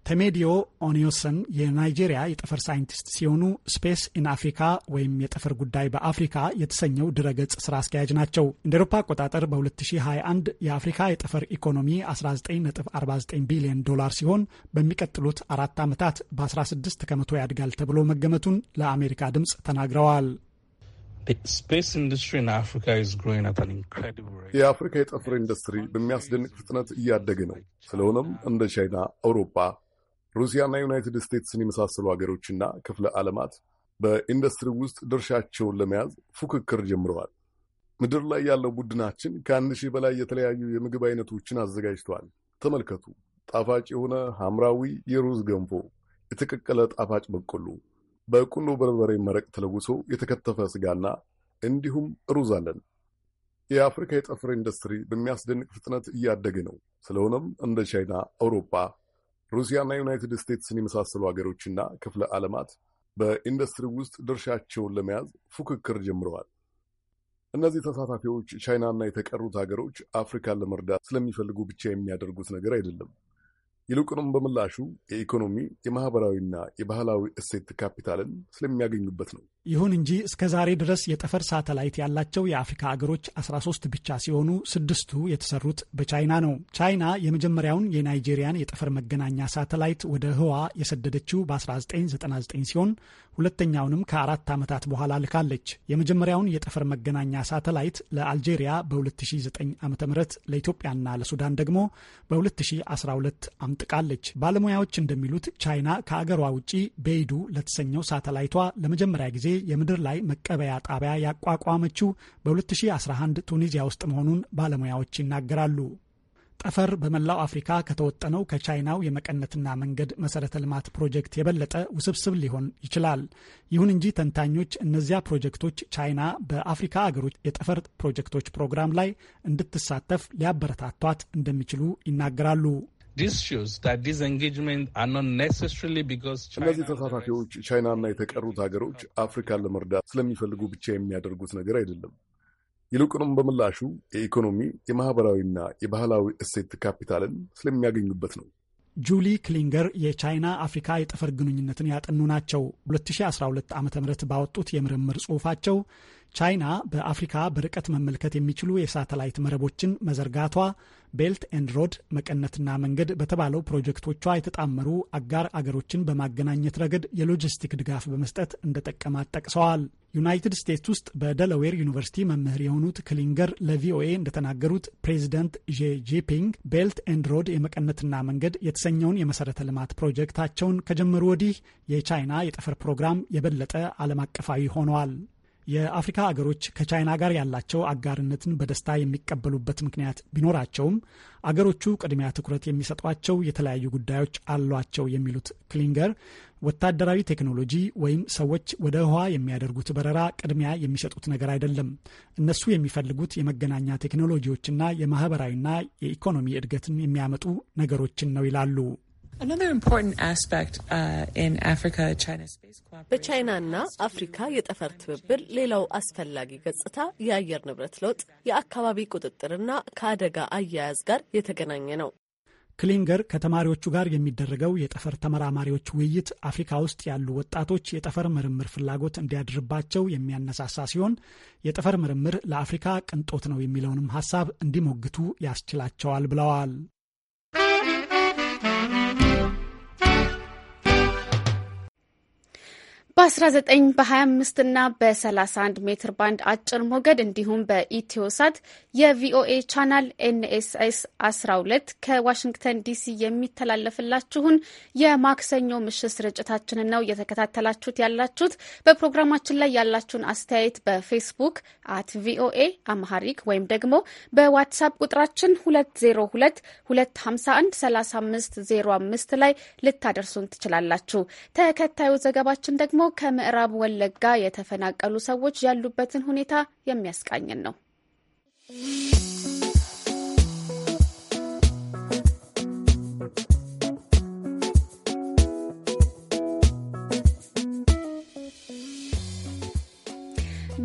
ተሜዲዮ ኦኒዮሰን የናይጄሪያ የጠፈር ሳይንቲስት ሲሆኑ ስፔስ ኢን አፍሪካ ወይም የጠፈር ጉዳይ በአፍሪካ የተሰኘው ድረገጽ ስራ አስኪያጅ ናቸው። እንደ ኤሮፓ አቆጣጠር በ2021 የአፍሪካ የጠፈር ኢኮኖሚ 19.49 ቢሊዮን ዶላር ሲሆን በሚቀጥሉት አራት ዓመታት በ16 ከመቶ ያድጋል ተብሎ መገመቱን ለአሜሪካ ድምፅ ተናግረዋል። የአፍሪካ የጠፈር ኢንዱስትሪ በሚያስደንቅ ፍጥነት እያደገ ነው። ስለሆነም እንደ ቻይና፣ አውሮፓ ሩሲያና ዩናይትድ ስቴትስን የመሳሰሉ ሀገሮችና ክፍለ ዓለማት በኢንዱስትሪ ውስጥ ድርሻቸውን ለመያዝ ፉክክር ጀምረዋል። ምድር ላይ ያለው ቡድናችን ከአንድ ሺህ በላይ የተለያዩ የምግብ አይነቶችን አዘጋጅተዋል። ተመልከቱ። ጣፋጭ የሆነ ሐምራዊ የሩዝ ገንፎ፣ የተቀቀለ ጣፋጭ በቆሎ፣ በቆሎ በርበሬ መረቅ ተለውሶ የተከተፈ ስጋና እንዲሁም ሩዝ አለን። የአፍሪካ የጥፍር ኢንዱስትሪ በሚያስደንቅ ፍጥነት እያደገ ነው። ስለሆነም እንደ ቻይና፣ አውሮፓ ሩሲያና ዩናይትድ ስቴትስን የመሳሰሉ ሀገሮችና ክፍለ ዓለማት በኢንዱስትሪ ውስጥ ድርሻቸውን ለመያዝ ፉክክር ጀምረዋል። እነዚህ ተሳታፊዎች ቻይናና የተቀሩት ሀገሮች አፍሪካን ለመርዳት ስለሚፈልጉ ብቻ የሚያደርጉት ነገር አይደለም። ይልቁንም በምላሹ የኢኮኖሚ የማኅበራዊና የባህላዊ እሴት ካፒታልን ስለሚያገኙበት ነው። ይሁን እንጂ እስከ ዛሬ ድረስ የጠፈር ሳተላይት ያላቸው የአፍሪካ አገሮች 13 ብቻ ሲሆኑ ስድስቱ የተሰሩት በቻይና ነው። ቻይና የመጀመሪያውን የናይጄሪያን የጠፈር መገናኛ ሳተላይት ወደ ህዋ የሰደደችው በ1999 ሲሆን ሁለተኛውንም ከአራት ዓመታት በኋላ ልካለች። የመጀመሪያውን የጠፈር መገናኛ ሳተላይት ለአልጄሪያ በ2009 ዓ ም ለኢትዮጵያና ለሱዳን ደግሞ በ2012 አምጥቃለች። ባለሙያዎች እንደሚሉት ቻይና ከአገሯ ውጪ በይዱ ለተሰኘው ሳተላይቷ ለመጀመሪያ ጊዜ የምድር ላይ መቀበያ ጣቢያ ያቋቋመችው በ2011 ቱኒዚያ ውስጥ መሆኑን ባለሙያዎች ይናገራሉ። ጠፈር በመላው አፍሪካ ከተወጠነው ከቻይናው የመቀነትና መንገድ መሰረተ ልማት ፕሮጀክት የበለጠ ውስብስብ ሊሆን ይችላል። ይሁን እንጂ ተንታኞች እነዚያ ፕሮጀክቶች ቻይና በአፍሪካ አገሮች የጠፈር ፕሮጀክቶች ፕሮግራም ላይ እንድትሳተፍ ሊያበረታቷት እንደሚችሉ ይናገራሉ። እነዚህ ተሳታፊዎች ቻይናና የተቀሩት ሀገሮች አፍሪካን ለመርዳት ስለሚፈልጉ ብቻ የሚያደርጉት ነገር አይደለም። ይልቁንም በምላሹ የኢኮኖሚ የማህበራዊና የባህላዊ እሴት ካፒታልን ስለሚያገኙበት ነው። ጁሊ ክሊንገር የቻይና አፍሪካ የጠፈር ግንኙነትን ያጠኑ ናቸው። 2012 ዓ ም ባወጡት የምርምር ጽሑፋቸው ቻይና በአፍሪካ በርቀት መመልከት የሚችሉ የሳተላይት መረቦችን መዘርጋቷ ቤልት ኤንድ ሮድ መቀነትና መንገድ በተባለው ፕሮጀክቶቿ የተጣመሩ አጋር አገሮችን በማገናኘት ረገድ የሎጂስቲክ ድጋፍ በመስጠት እንደጠቀማት ጠቅሰዋል። ዩናይትድ ስቴትስ ውስጥ በደለዌር ዩኒቨርሲቲ መምህር የሆኑት ክሊንገር ለቪኦኤ እንደተናገሩት ፕሬዚደንት ዢ ጂንፒንግ ቤልት ኤንድ ሮድ የመቀነትና መንገድ የተሰኘውን የመሰረተ ልማት ፕሮጀክታቸውን ከጀመሩ ወዲህ የቻይና የጠፈር ፕሮግራም የበለጠ ዓለም አቀፋዊ ሆነዋል። የአፍሪካ አገሮች ከቻይና ጋር ያላቸው አጋርነትን በደስታ የሚቀበሉበት ምክንያት ቢኖራቸውም አገሮቹ ቅድሚያ ትኩረት የሚሰጧቸው የተለያዩ ጉዳዮች አሏቸው የሚሉት ክሊንገር ወታደራዊ ቴክኖሎጂ ወይም ሰዎች ወደ ህዋ የሚያደርጉት በረራ ቅድሚያ የሚሰጡት ነገር አይደለም። እነሱ የሚፈልጉት የመገናኛ ቴክኖሎጂዎችና የማህበራዊና የኢኮኖሚ እድገትን የሚያመጡ ነገሮችን ነው ይላሉ። Uh, በቻይናና አፍሪካ የጠፈር ትብብር ሌላው አስፈላጊ ገጽታ የአየር ንብረት ለውጥ፣ የአካባቢ ቁጥጥርና ከአደጋ አያያዝ ጋር የተገናኘ ነው። ክሊንገር ከተማሪዎቹ ጋር የሚደረገው የጠፈር ተመራማሪዎች ውይይት አፍሪካ ውስጥ ያሉ ወጣቶች የጠፈር ምርምር ፍላጎት እንዲያድርባቸው የሚያነሳሳ ሲሆን የጠፈር ምርምር ለአፍሪካ ቅንጦት ነው የሚለውንም ሀሳብ እንዲሞግቱ ያስችላቸዋል ብለዋል። በ19 በ25 እና በ31 ሜትር ባንድ አጭር ሞገድ እንዲሁም በኢትዮሳት የቪኦኤ ቻናል ኤንኤስኤስ 12 ከዋሽንግተን ዲሲ የሚተላለፍላችሁን የማክሰኞ ምሽት ስርጭታችንን ነው እየተከታተላችሁት ያላችሁት። በፕሮግራማችን ላይ ያላችሁን አስተያየት በፌስቡክ አት ቪኦኤ አምሃሪክ ወይም ደግሞ በዋትሳፕ ቁጥራችን 202 251 3505 ላይ ልታደርሱን ትችላላችሁ። ተከታዩ ዘገባችን ደግሞ ከምዕራብ ወለጋ የተፈናቀሉ ሰዎች ያሉበትን ሁኔታ የሚያስቃኝን ነው።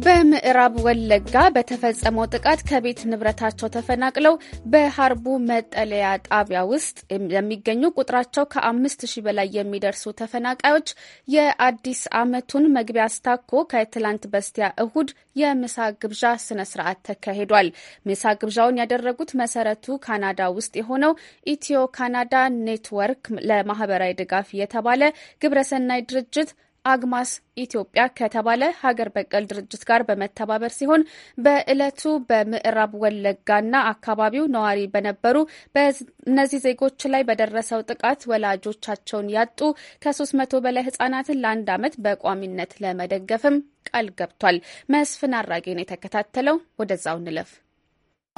በምዕራብ ወለጋ በተፈጸመው ጥቃት ከቤት ንብረታቸው ተፈናቅለው በሀርቡ መጠለያ ጣቢያ ውስጥ የሚገኙ ቁጥራቸው ከአምስት ሺህ በላይ የሚደርሱ ተፈናቃዮች የአዲስ ዓመቱን መግቢያ አስታኮ ከትላንት በስቲያ እሁድ የምሳ ግብዣ ስነ ስርዓት ተካሂዷል። ምሳ ግብዣውን ያደረጉት መሰረቱ ካናዳ ውስጥ የሆነው ኢትዮ ካናዳ ኔትወርክ ለማህበራዊ ድጋፍ የተባለ ግብረሰናይ ድርጅት አግማስ ኢትዮጵያ ከተባለ ሀገር በቀል ድርጅት ጋር በመተባበር ሲሆን በእለቱ በምዕራብ ወለጋና አካባቢው ነዋሪ በነበሩ በእነዚህ ዜጎች ላይ በደረሰው ጥቃት ወላጆቻቸውን ያጡ ከሶስት መቶ በላይ ህጻናትን ለአንድ ዓመት በቋሚነት ለመደገፍም ቃል ገብቷል። መስፍን አራጌን የተከታተለው። ወደዛው እንለፍ።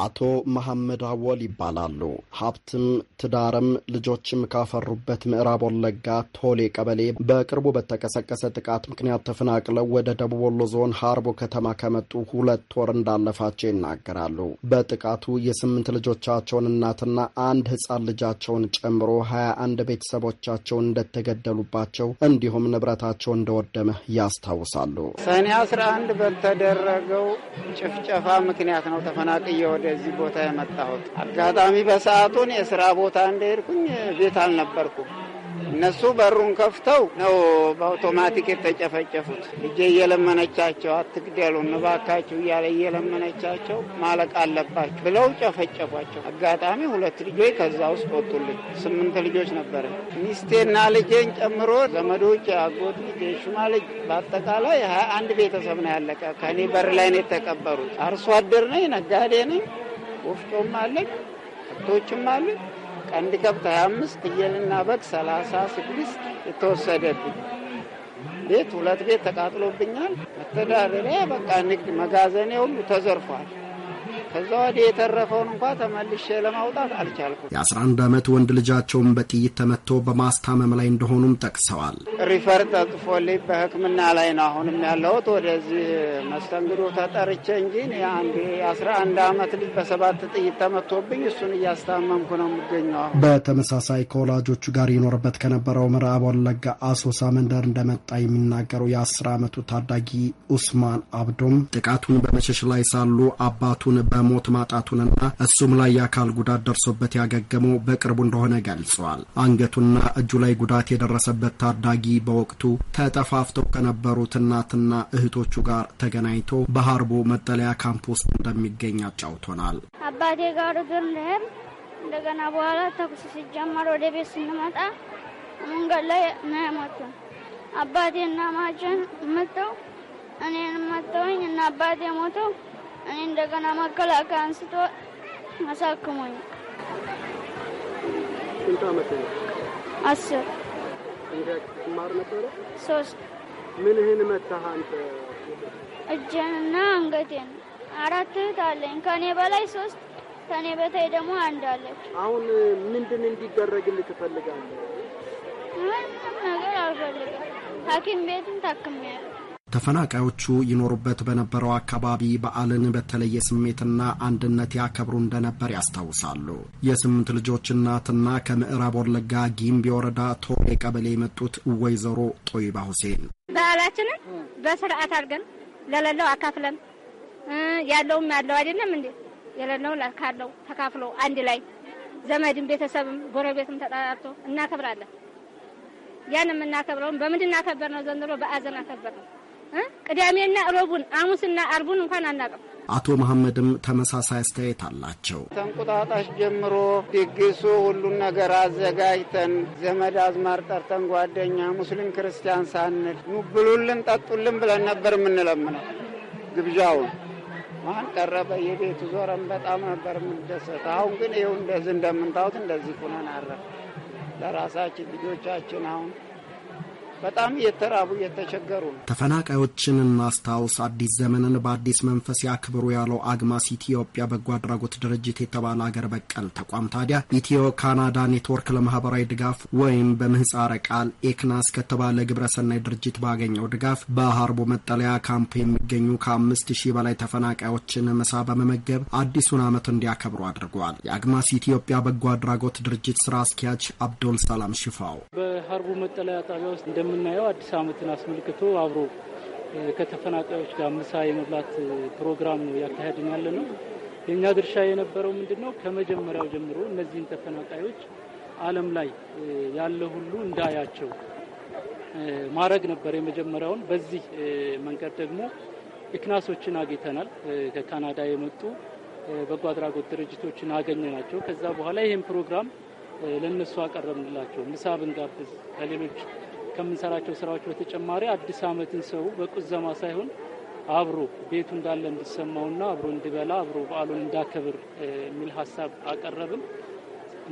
አቶ መሐመድ አወል ይባላሉ። ሀብትም ትዳርም ልጆችም ካፈሩበት ምዕራብ ወለጋ ቶሌ ቀበሌ በቅርቡ በተቀሰቀሰ ጥቃት ምክንያት ተፈናቅለው ወደ ደቡብ ወሎ ዞን ሀርቦ ከተማ ከመጡ ሁለት ወር እንዳለፋቸው ይናገራሉ። በጥቃቱ የስምንት ልጆቻቸውን እናትና አንድ ሕፃን ልጃቸውን ጨምሮ ሀያ አንድ ቤተሰቦቻቸው እንደተገደሉባቸው እንዲሁም ንብረታቸው እንደወደመ ያስታውሳሉ። ሰኔ አስራ አንድ በተደረገው ጭፍጨፋ ምክንያት ነው ተፈናቅየ ወደ ወደዚህ ቦታ የመጣሁት። አጋጣሚ በሰዓቱን የስራ ቦታ እንደሄድኩኝ ቤት አልነበርኩም። እነሱ በሩን ከፍተው ነው በአውቶማቲክ የተጨፈጨፉት። ልጄ እየለመነቻቸው አትግደሉን እባካችሁ እያለ እየለመነቻቸው ማለቅ አለባቸው ብለው ጨፈጨፏቸው። አጋጣሚ ሁለት ልጆች ከዛ ውስጥ ወጡልኝ። ስምንት ልጆች ነበረ። ሚስቴና ልጄን ጨምሮ ዘመዶች፣ አጎት ልጅ፣ ሹማ ልጅ በአጠቃላይ ሀያ አንድ ቤተሰብ ነው ያለቀ። ከኔ በር ላይ ነው የተቀበሩት። አርሶ አደር ነኝ፣ ነጋዴ ነኝ፣ ወፍጮም አለኝ፣ ከብቶችም አለኝ። ቀንድ ከብት 25 ፍየልና በግ 36 የተወሰደብኝ። ቤት ሁለት ቤት ተቃጥሎብኛል። መተዳደሪያ በቃ ንግድ መጋዘኔ ሁሉ ተዘርፏል። ከዛ ወዲህ የተረፈውን እንኳ ተመልሼ ለማውጣት አልቻልኩም። የ11 ዓመት ወንድ ልጃቸውን በጥይት ተመቶ በማስታመም ላይ እንደሆኑም ጠቅሰዋል። ሪፈር ተጽፎልኝ በሕክምና ላይ ነው አሁንም ያለሁት። ወደዚህ መስተንግዶ ተጠርቼ እንጂ አንድ የ11 አመት ልጅ በሰባት ጥይት ተመቶብኝ እሱን እያስታመምኩ ነው የምገኘው። በተመሳሳይ ከወላጆቹ ጋር ይኖርበት ከነበረው ምዕራብ ወለጋ አሶሳ መንደር እንደመጣ የሚናገሩ የ10 ታዳጊ ኡስማን አብዶም ጥቃቱን በመሸሽ ላይ ሳሉ አባቱን በ ሞት ማጣቱንና እሱም ላይ የአካል ጉዳት ደርሶበት ያገገመው በቅርቡ እንደሆነ ገልጿል። አንገቱና እጁ ላይ ጉዳት የደረሰበት ታዳጊ በወቅቱ ተጠፋፍተው ከነበሩት እናትና እህቶቹ ጋር ተገናኝቶ በሀርቦ መጠለያ ካምፕ ውስጥ እንደሚገኝ አጫውቶናል። አባቴ ጋር ግን እንደገና በኋላ ተኩስ ሲጀመር ወደ ቤት ስንመጣ መንገድ ላይ ነው የሞቱን። አባቴና ማችን ምተው እኔን መተውኝ እና አባቴ ሞተው እኔ እንደገና መከላከያ አንስቶ አሳክሞኝ። ስንት አመት ነው? አስር ማር ነበረ። ሶስት ምንህን መታህ አንተ? እጄንና አንገቴን። አራት እህት አለኝ ከእኔ በላይ ሶስት ከእኔ በታይ ደግሞ አንድ አለች። አሁን ምንድን እንዲደረግልህ ትፈልጋለህ? ምንም ነገር አልፈልግም። ሐኪም ቤትም ታክሜያለሁ። ተፈናቃዮቹ ይኖሩበት በነበረው አካባቢ በዓልን በተለየ ስሜትና አንድነት ያከብሩ እንደነበር ያስታውሳሉ። የስምንት ልጆች እናትና ከምዕራብ ወለጋ ጊምቢ ወረዳ ቶሌ ቀበሌ የመጡት ወይዘሮ ጦይባ ሁሴን በዓላችንን በስርዓት አድርገን ለሌለው አካፍለን ያለውም ያለው አይደለም እንዴ የሌለውን ካለው ተካፍሎ አንድ ላይ ዘመድም ቤተሰብም ጎረቤትም ተጠራርቶ እናከብራለን። ያን የምናከብረውም በምንድን እናከበር ነው? ዘንድሮ በአዘን አከበር ነው። ቅዳሜና ሮቡን ሐሙስና አርቡን እንኳን አናቅም አቶ መሐመድም ተመሳሳይ አስተያየት አላቸው። ተንቁጣጣሽ ጀምሮ ድግሱ ሁሉን ነገር አዘጋጅተን ዘመድ አዝማር ጠርተን ጓደኛ ሙስሊም ክርስቲያን ሳንል ብሉልን ጠጡልን ብለን ነበር የምንለምነው። ግብዣውን ማን ቀረበ የቤቱ ዞረን በጣም ነበር የምንደሰት። አሁን ግን ይኸው እንደዚህ እንደምንታወት እንደዚህ ቁነን አረፍ ለራሳችን ልጆቻችን አሁን በጣም የተራቡ የተቸገሩ ነው። ተፈናቃዮችን እናስታውስ አዲስ ዘመንን በአዲስ መንፈስ ያክብሩ ያለው አግማስ ኢትዮጵያ በጎ አድራጎት ድርጅት የተባለ አገር በቀል ተቋም ታዲያ ኢትዮ ካናዳ ኔትወርክ ለማህበራዊ ድጋፍ ወይም በምህፃረ ቃል ኤክናስ ከተባለ ግብረሰናይ ድርጅት ባገኘው ድጋፍ በሀርቦ መጠለያ ካምፕ የሚገኙ ከአምስት ሺህ በላይ ተፈናቃዮችን ምሳ በመመገብ አዲሱን ዓመት እንዲያከብሩ አድርገዋል። የአግማስ ኢትዮጵያ በጎ አድራጎት ድርጅት ስራ አስኪያጅ አብዶል ሰላም ሽፋው በሀርቦ መጠለያ ጣቢያ ውስጥ እንደምናየው አዲስ ዓመትን አስመልክቶ አብሮ ከተፈናቃዮች ጋር ምሳ የመብላት ፕሮግራም ነው እያካሄድን ያለ ነው። የእኛ ድርሻ የነበረው ምንድን ነው? ከመጀመሪያው ጀምሮ እነዚህን ተፈናቃዮች ዓለም ላይ ያለ ሁሉ እንዳያቸው ማድረግ ነበር የመጀመሪያውን። በዚህ መንገድ ደግሞ እክናሶችን አግኝተናል። ከካናዳ የመጡ በጎ አድራጎት ድርጅቶችን ናቸው። ከዛ በኋላ ይህን ፕሮግራም ለእነሱ አቀረብንላቸው። ምሳ ብንጋብዝ ከሌሎች ከምንሰራቸው ስራዎች በተጨማሪ አዲስ ዓመትን ሰው በቁዘማ ሳይሆን አብሮ ቤቱ እንዳለ እንዲሰማውና አብሮ እንዲበላ አብሮ በዓሉን እንዳከብር የሚል ሀሳብ አቀረብን።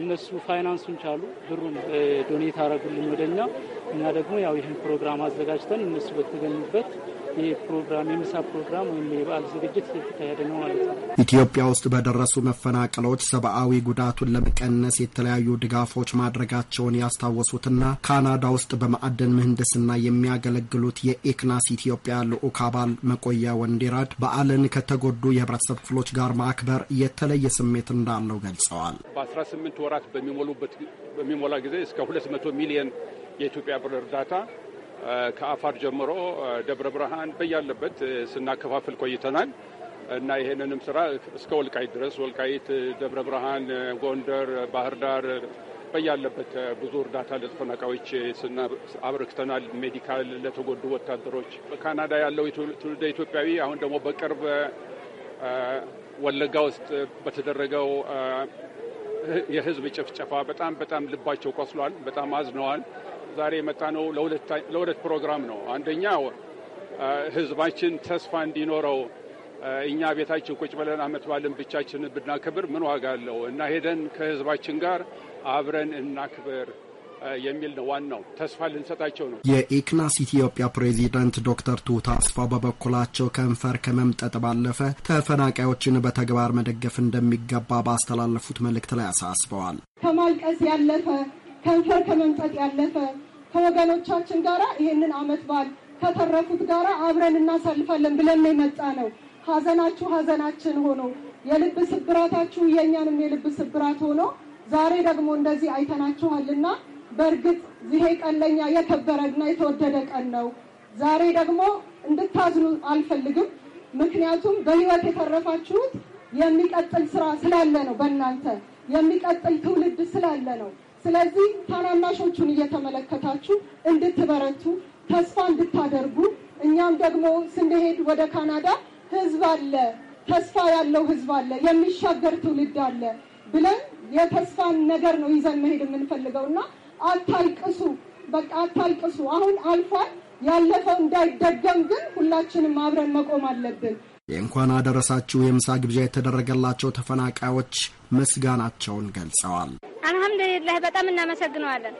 እነሱ ፋይናንሱን ቻሉ፣ ብሩን ዶኔት አረጉልን ወደኛ። እኛ ደግሞ ያው ይህን ፕሮግራም አዘጋጅተን እነሱ በተገኙበት ይህ ፕሮግራም የምሳ ፕሮግራም ወይም የበዓል ዝግጅት ነው ማለት ነው። ኢትዮጵያ ውስጥ በደረሱ መፈናቀሎች ሰብአዊ ጉዳቱን ለመቀነስ የተለያዩ ድጋፎች ማድረጋቸውን ያስታወሱትና ካናዳ ውስጥ በማዕደን ምህንድስና የሚያገለግሉት የኤክናስ ኢትዮጵያ ልዑክ አባል መቆያ ወንዴራድ በዓልን ከተጎዱ የህብረተሰብ ክፍሎች ጋር ማክበር የተለየ ስሜት እንዳለው ገልጸዋል። በ18 ወራት በሚሞላ ጊዜ እስከ 200 ሚሊዮን የኢትዮጵያ ብር እርዳታ ከአፋር ጀምሮ ደብረ ብርሃን በያለበት ስናከፋፍል ቆይተናል እና ይሄንንም ስራ እስከ ወልቃይት ድረስ ወልቃይት፣ ደብረ ብርሃን፣ ጎንደር፣ ባህር ዳር በያለበት ብዙ እርዳታ ለተፈናቃዮች አበርክተናል። ሜዲካል ለተጎዱ ወታደሮች በካናዳ ያለው ትውልደ ኢትዮጵያዊ አሁን ደግሞ በቅርብ ወለጋ ውስጥ በተደረገው የህዝብ ጭፍጨፋ በጣም በጣም ልባቸው ቆስሏል። በጣም አዝነዋል። ዛሬ የመጣ ነው ለሁለት ፕሮግራም ነው። አንደኛው ህዝባችን ተስፋ እንዲኖረው እኛ ቤታችን ቁጭ ብለን አመት ባለን ብቻችንን ብናከብር ምን ዋጋ አለው እና ሄደን ከህዝባችን ጋር አብረን እናክብር የሚል ነው። ዋናው ተስፋ ልንሰጣቸው ነው። የኢክናስ ኢትዮጵያ ፕሬዚደንት ዶክተር ቱ ታስፋ በበኩላቸው ከንፈር ከመምጠጥ ባለፈ ተፈናቃዮችን በተግባር መደገፍ እንደሚገባ ባስተላለፉት መልእክት ላይ አሳስበዋል። ከማልቀስ ያለፈ ከንፈር ከመምጠጥ ያለፈ ከወገኖቻችን ጋራ ይሄንን አመት በዓል ከተረፉት ጋራ አብረን እናሳልፋለን ብለን የመጣ ነው። ሀዘናችሁ ሀዘናችን ሆኖ የልብ ስብራታችሁ የእኛንም የልብ ስብራት ሆኖ ዛሬ ደግሞ እንደዚህ አይተናችኋልና በእርግጥ ይሄ ቀን ለኛ የተከበረና የተወደደ ቀን ነው። ዛሬ ደግሞ እንድታዝኑ አልፈልግም። ምክንያቱም በህይወት የተረፋችሁት የሚቀጥል ስራ ስላለ ነው። በእናንተ የሚቀጥል ትውልድ ስላለ ነው። ስለዚህ ታናናሾቹን እየተመለከታችሁ እንድትበረቱ ተስፋ እንድታደርጉ እኛም ደግሞ ስንሄድ ወደ ካናዳ ህዝብ አለ፣ ተስፋ ያለው ህዝብ አለ፣ የሚሻገር ትውልድ አለ ብለን የተስፋን ነገር ነው ይዘን መሄድ የምንፈልገው እና አታልቅሱ፣ በቃ አታልቅሱ። አሁን አልፏል። ያለፈው እንዳይደገም ግን ሁላችንም አብረን መቆም አለብን። የእንኳን አደረሳችሁ የምሳ ግብዣ የተደረገላቸው ተፈናቃዮች ምስጋናቸውን ገልጸዋል። አልሐምዱሊላህ በጣም እናመሰግነዋለን።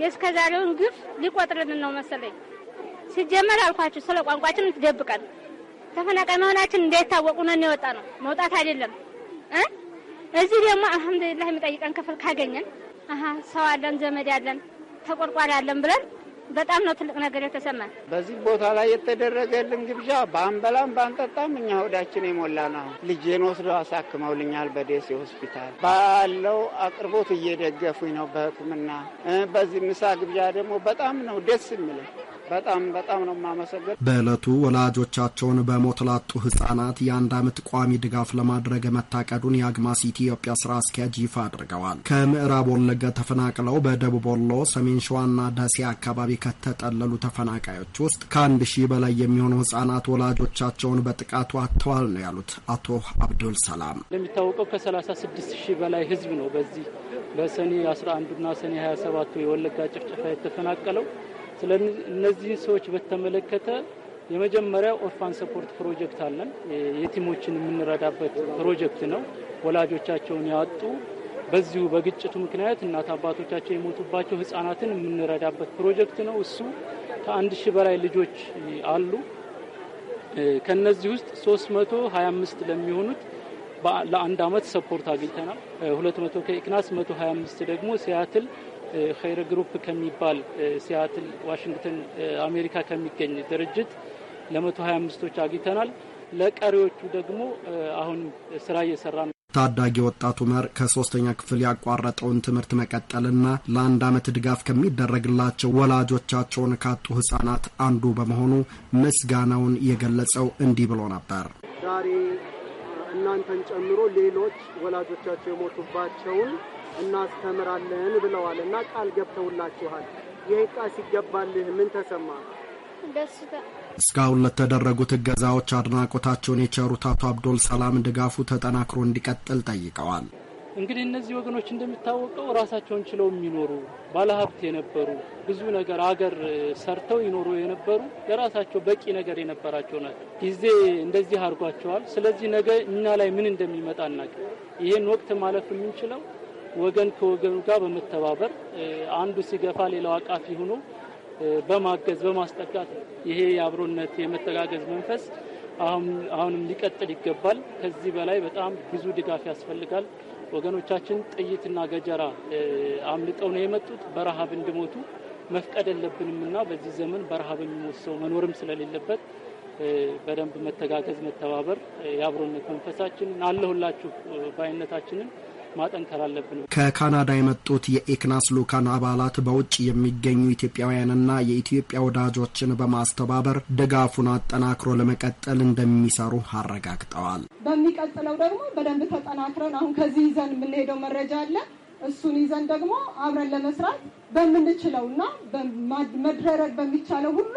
የእስከ ዛሬውን ግፍ ሊቆጥርልን ነው መሰለኝ። ሲጀመር አልኳችሁ ስለ ቋንቋችን ትደብቀን ተፈናቃይ መሆናችን እንዳይታወቁ ነን የወጣ ነው መውጣት አይደለም እዚህ ደግሞ አልሐምዱሊላህ የሚጠይቀን ክፍል ካገኘን ሰው አለን ዘመድ አለን ተቆርቋሪ አለን ብለን በጣም ነው ትልቅ ነገር የተሰማ። በዚህ ቦታ ላይ የተደረገልን ግብዣ በአንበላም በአንጠጣም እኛ ሆዳችን የሞላ ነው። ልጄን ወስደው አሳክመውልኛል በደሴ ሆስፒታል። ባለው አቅርቦት እየደገፉኝ ነው በሕክምና በዚህ ምሳ ግብዣ ደግሞ በጣም ነው ደስ የሚለው። በጣም በጣም ነው የማመሰግን። በእለቱ ወላጆቻቸውን በሞት ላጡ ህጻናት የአንድ አመት ቋሚ ድጋፍ ለማድረግ መታቀዱን የአግማስ ኢትዮጵያ ስራ አስኪያጅ ይፋ አድርገዋል። ከምዕራብ ወለገ ተፈናቅለው በደቡብ ወሎ፣ ሰሜን ሸዋና ደሴ አካባቢ ከተጠለሉ ተፈናቃዮች ውስጥ ከአንድ ሺህ በላይ የሚሆኑ ህጻናት ወላጆቻቸውን በጥቃቱ አጥተዋል ነው ያሉት አቶ አብዱል ሰላም። እንደሚታወቀው ከ36 ሺህ በላይ ህዝብ ነው በዚህ በሰኔ 11ና ሰኔ 27 የወለጋ ጭፍጨፋ የተፈናቀለው ስለ እነዚህ ሰዎች በተመለከተ የመጀመሪያ ኦርፋን ሰፖርት ፕሮጀክት አለን። የቲሞችን የምንረዳበት ፕሮጀክት ነው። ወላጆቻቸውን ያጡ በዚሁ በግጭቱ ምክንያት እናት አባቶቻቸው የሞቱባቸው ህጻናትን የምንረዳበት ፕሮጀክት ነው። እሱ ከአንድ ሺህ በላይ ልጆች አሉ። ከነዚህ ውስጥ 325 ለሚሆኑት ለአንድ አመት ሰፖርት አግኝተናል። 200 ከኢክናስ 125 ደግሞ ሲያትል ኸይር ግሩፕ ከሚባል ሲያትል ዋሽንግተን አሜሪካ ከሚገኝ ድርጅት ለመቶ ሀያ አምስቶች አግኝተናል። ለቀሪዎቹ ደግሞ አሁን ስራ እየሰራ ነው። ታዳጊ ወጣቱ መር ከሶስተኛ ክፍል ያቋረጠውን ትምህርት መቀጠልና ለአንድ ዓመት ድጋፍ ከሚደረግላቸው ወላጆቻቸውን ካጡ ህጻናት አንዱ በመሆኑ ምስጋናውን የገለጸው እንዲህ ብሎ ነበር። ዛሬ እናንተን ጨምሮ ሌሎች ወላጆቻቸው የሞቱባቸውን እናስተምራለን ብለዋል እና ቃል ገብተውላችኋል። ይህ ቃል ሲገባልህ ምን ተሰማ? ደስታ እስካሁን ለተደረጉት እገዛዎች አድናቆታቸውን የቸሩት አቶ አብዶል ሰላም ድጋፉ ተጠናክሮ እንዲቀጥል ጠይቀዋል። እንግዲህ እነዚህ ወገኖች እንደሚታወቀው ራሳቸውን ችለው የሚኖሩ ባለሀብት የነበሩ ብዙ ነገር አገር ሰርተው ይኖሩ የነበሩ የራሳቸው በቂ ነገር የነበራቸው ናቸው። ጊዜ እንደዚህ አድርጓቸዋል። ስለዚህ ነገ እኛ ላይ ምን እንደሚመጣ እናቅ ይህን ወቅት ማለፍ የምንችለው ወገን ከወገኑ ጋር በመተባበር አንዱ ሲገፋ ሌላው አቃፊ ሆኖ በማገዝ በማስጠጋት ይሄ የአብሮነት የመተጋገዝ መንፈስ አሁንም ሊቀጥል ይገባል። ከዚህ በላይ በጣም ብዙ ድጋፍ ያስፈልጋል። ወገኖቻችን ጥይትና ገጀራ አምልጠው ነው የመጡት። በረሃብ እንዲሞቱ መፍቀድ የለብንም እና በዚህ ዘመን በረሃብ የሚሞት ሰው መኖርም ስለሌለበት በደንብ መተጋገዝ፣ መተባበር የአብሮነት መንፈሳችንን አለሁላችሁ ባይነታችንን ማጠንከር አለብን። ከካናዳ የመጡት የኤክናስ ልኡካን አባላት በውጭ የሚገኙ ኢትዮጵያውያንና የኢትዮጵያ ወዳጆችን በማስተባበር ድጋፉን አጠናክሮ ለመቀጠል እንደሚሰሩ አረጋግጠዋል። በሚቀጥለው ደግሞ በደንብ ተጠናክረን አሁን ከዚህ ይዘን የምንሄደው መረጃ አለ እሱን ይዘን ደግሞ አብረን ለመስራት በምንችለው እና መድረረግ በሚቻለው ሁሉ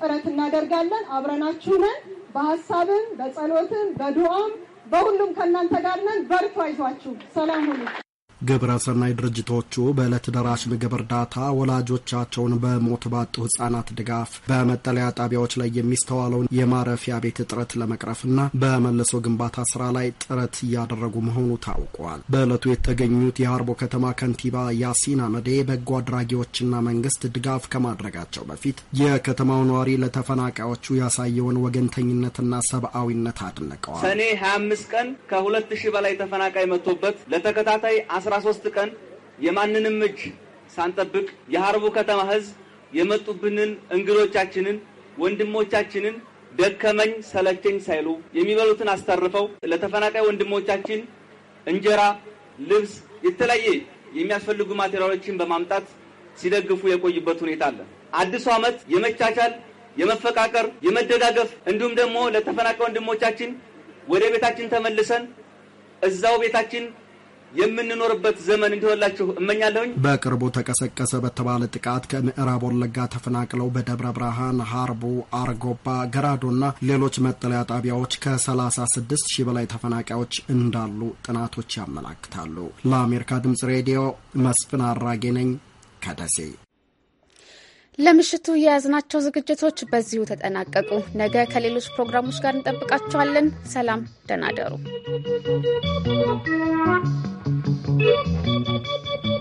ጥረት እናደርጋለን። አብረናችሁ ነን። በሀሳብም፣ በጸሎትም፣ በዱዓም በሁሉም ከእናንተ ጋር ነን። በርቱ፣ አይዟችሁ። ሰላም ሁኑ። ግብረ ሰናይ ድርጅቶቹ በዕለት ደራሽ ምግብ እርዳታ ወላጆቻቸውን በሞት ባጡ ህጻናት ድጋፍ በመጠለያ ጣቢያዎች ላይ የሚስተዋለውን የማረፊያ ቤት እጥረት ለመቅረፍና በመልሶ ግንባታ ስራ ላይ ጥረት እያደረጉ መሆኑ ታውቋል። በዕለቱ የተገኙት የሀርቦ ከተማ ከንቲባ ያሲን አመዴ በጎ አድራጊዎችና መንግስት ድጋፍ ከማድረጋቸው በፊት የከተማው ነዋሪ ለተፈናቃዮቹ ያሳየውን ወገንተኝነትና ሰብአዊነት አድንቀዋል። ሰኔ 25 ቀን ከሁለት ሺህ በላይ ተፈናቃይ መጥቶበት ለተከታታይ 13 ቀን የማንንም እጅ ሳንጠብቅ የሐርቡ ከተማ ህዝብ የመጡብንን እንግዶቻችንን ወንድሞቻችንን ደከመኝ ሰለቸኝ ሳይሉ የሚበሉትን አስተርፈው ለተፈናቃይ ወንድሞቻችን እንጀራ፣ ልብስ፣ የተለያየ የሚያስፈልጉ ማቴሪያሎችን በማምጣት ሲደግፉ የቆዩበት ሁኔታ አለ። አዲሱ ዓመት የመቻቻል፣ የመፈቃቀር፣ የመደጋገፍ እንዲሁም ደግሞ ለተፈናቃይ ወንድሞቻችን ወደ ቤታችን ተመልሰን እዛው ቤታችን የምንኖርበት ዘመን እንዲሆንላችሁ እመኛለሁኝ። በቅርቡ ተቀሰቀሰ በተባለ ጥቃት ከምዕራብ ወለጋ ተፈናቅለው በደብረ ብርሃን፣ ሀርቡ፣ አርጎባ፣ ገራዶና ሌሎች መጠለያ ጣቢያዎች ከ36 ሺህ በላይ ተፈናቃዮች እንዳሉ ጥናቶች ያመላክታሉ። ለአሜሪካ ድምጽ ሬዲዮ መስፍን አራጌ ነኝ ከደሴ ለምሽቱ የያዝናቸው ዝግጅቶች በዚሁ ተጠናቀቁ። ነገ ከሌሎች ፕሮግራሞች ጋር እንጠብቃችኋለን። ሰላም፣ ደህና you.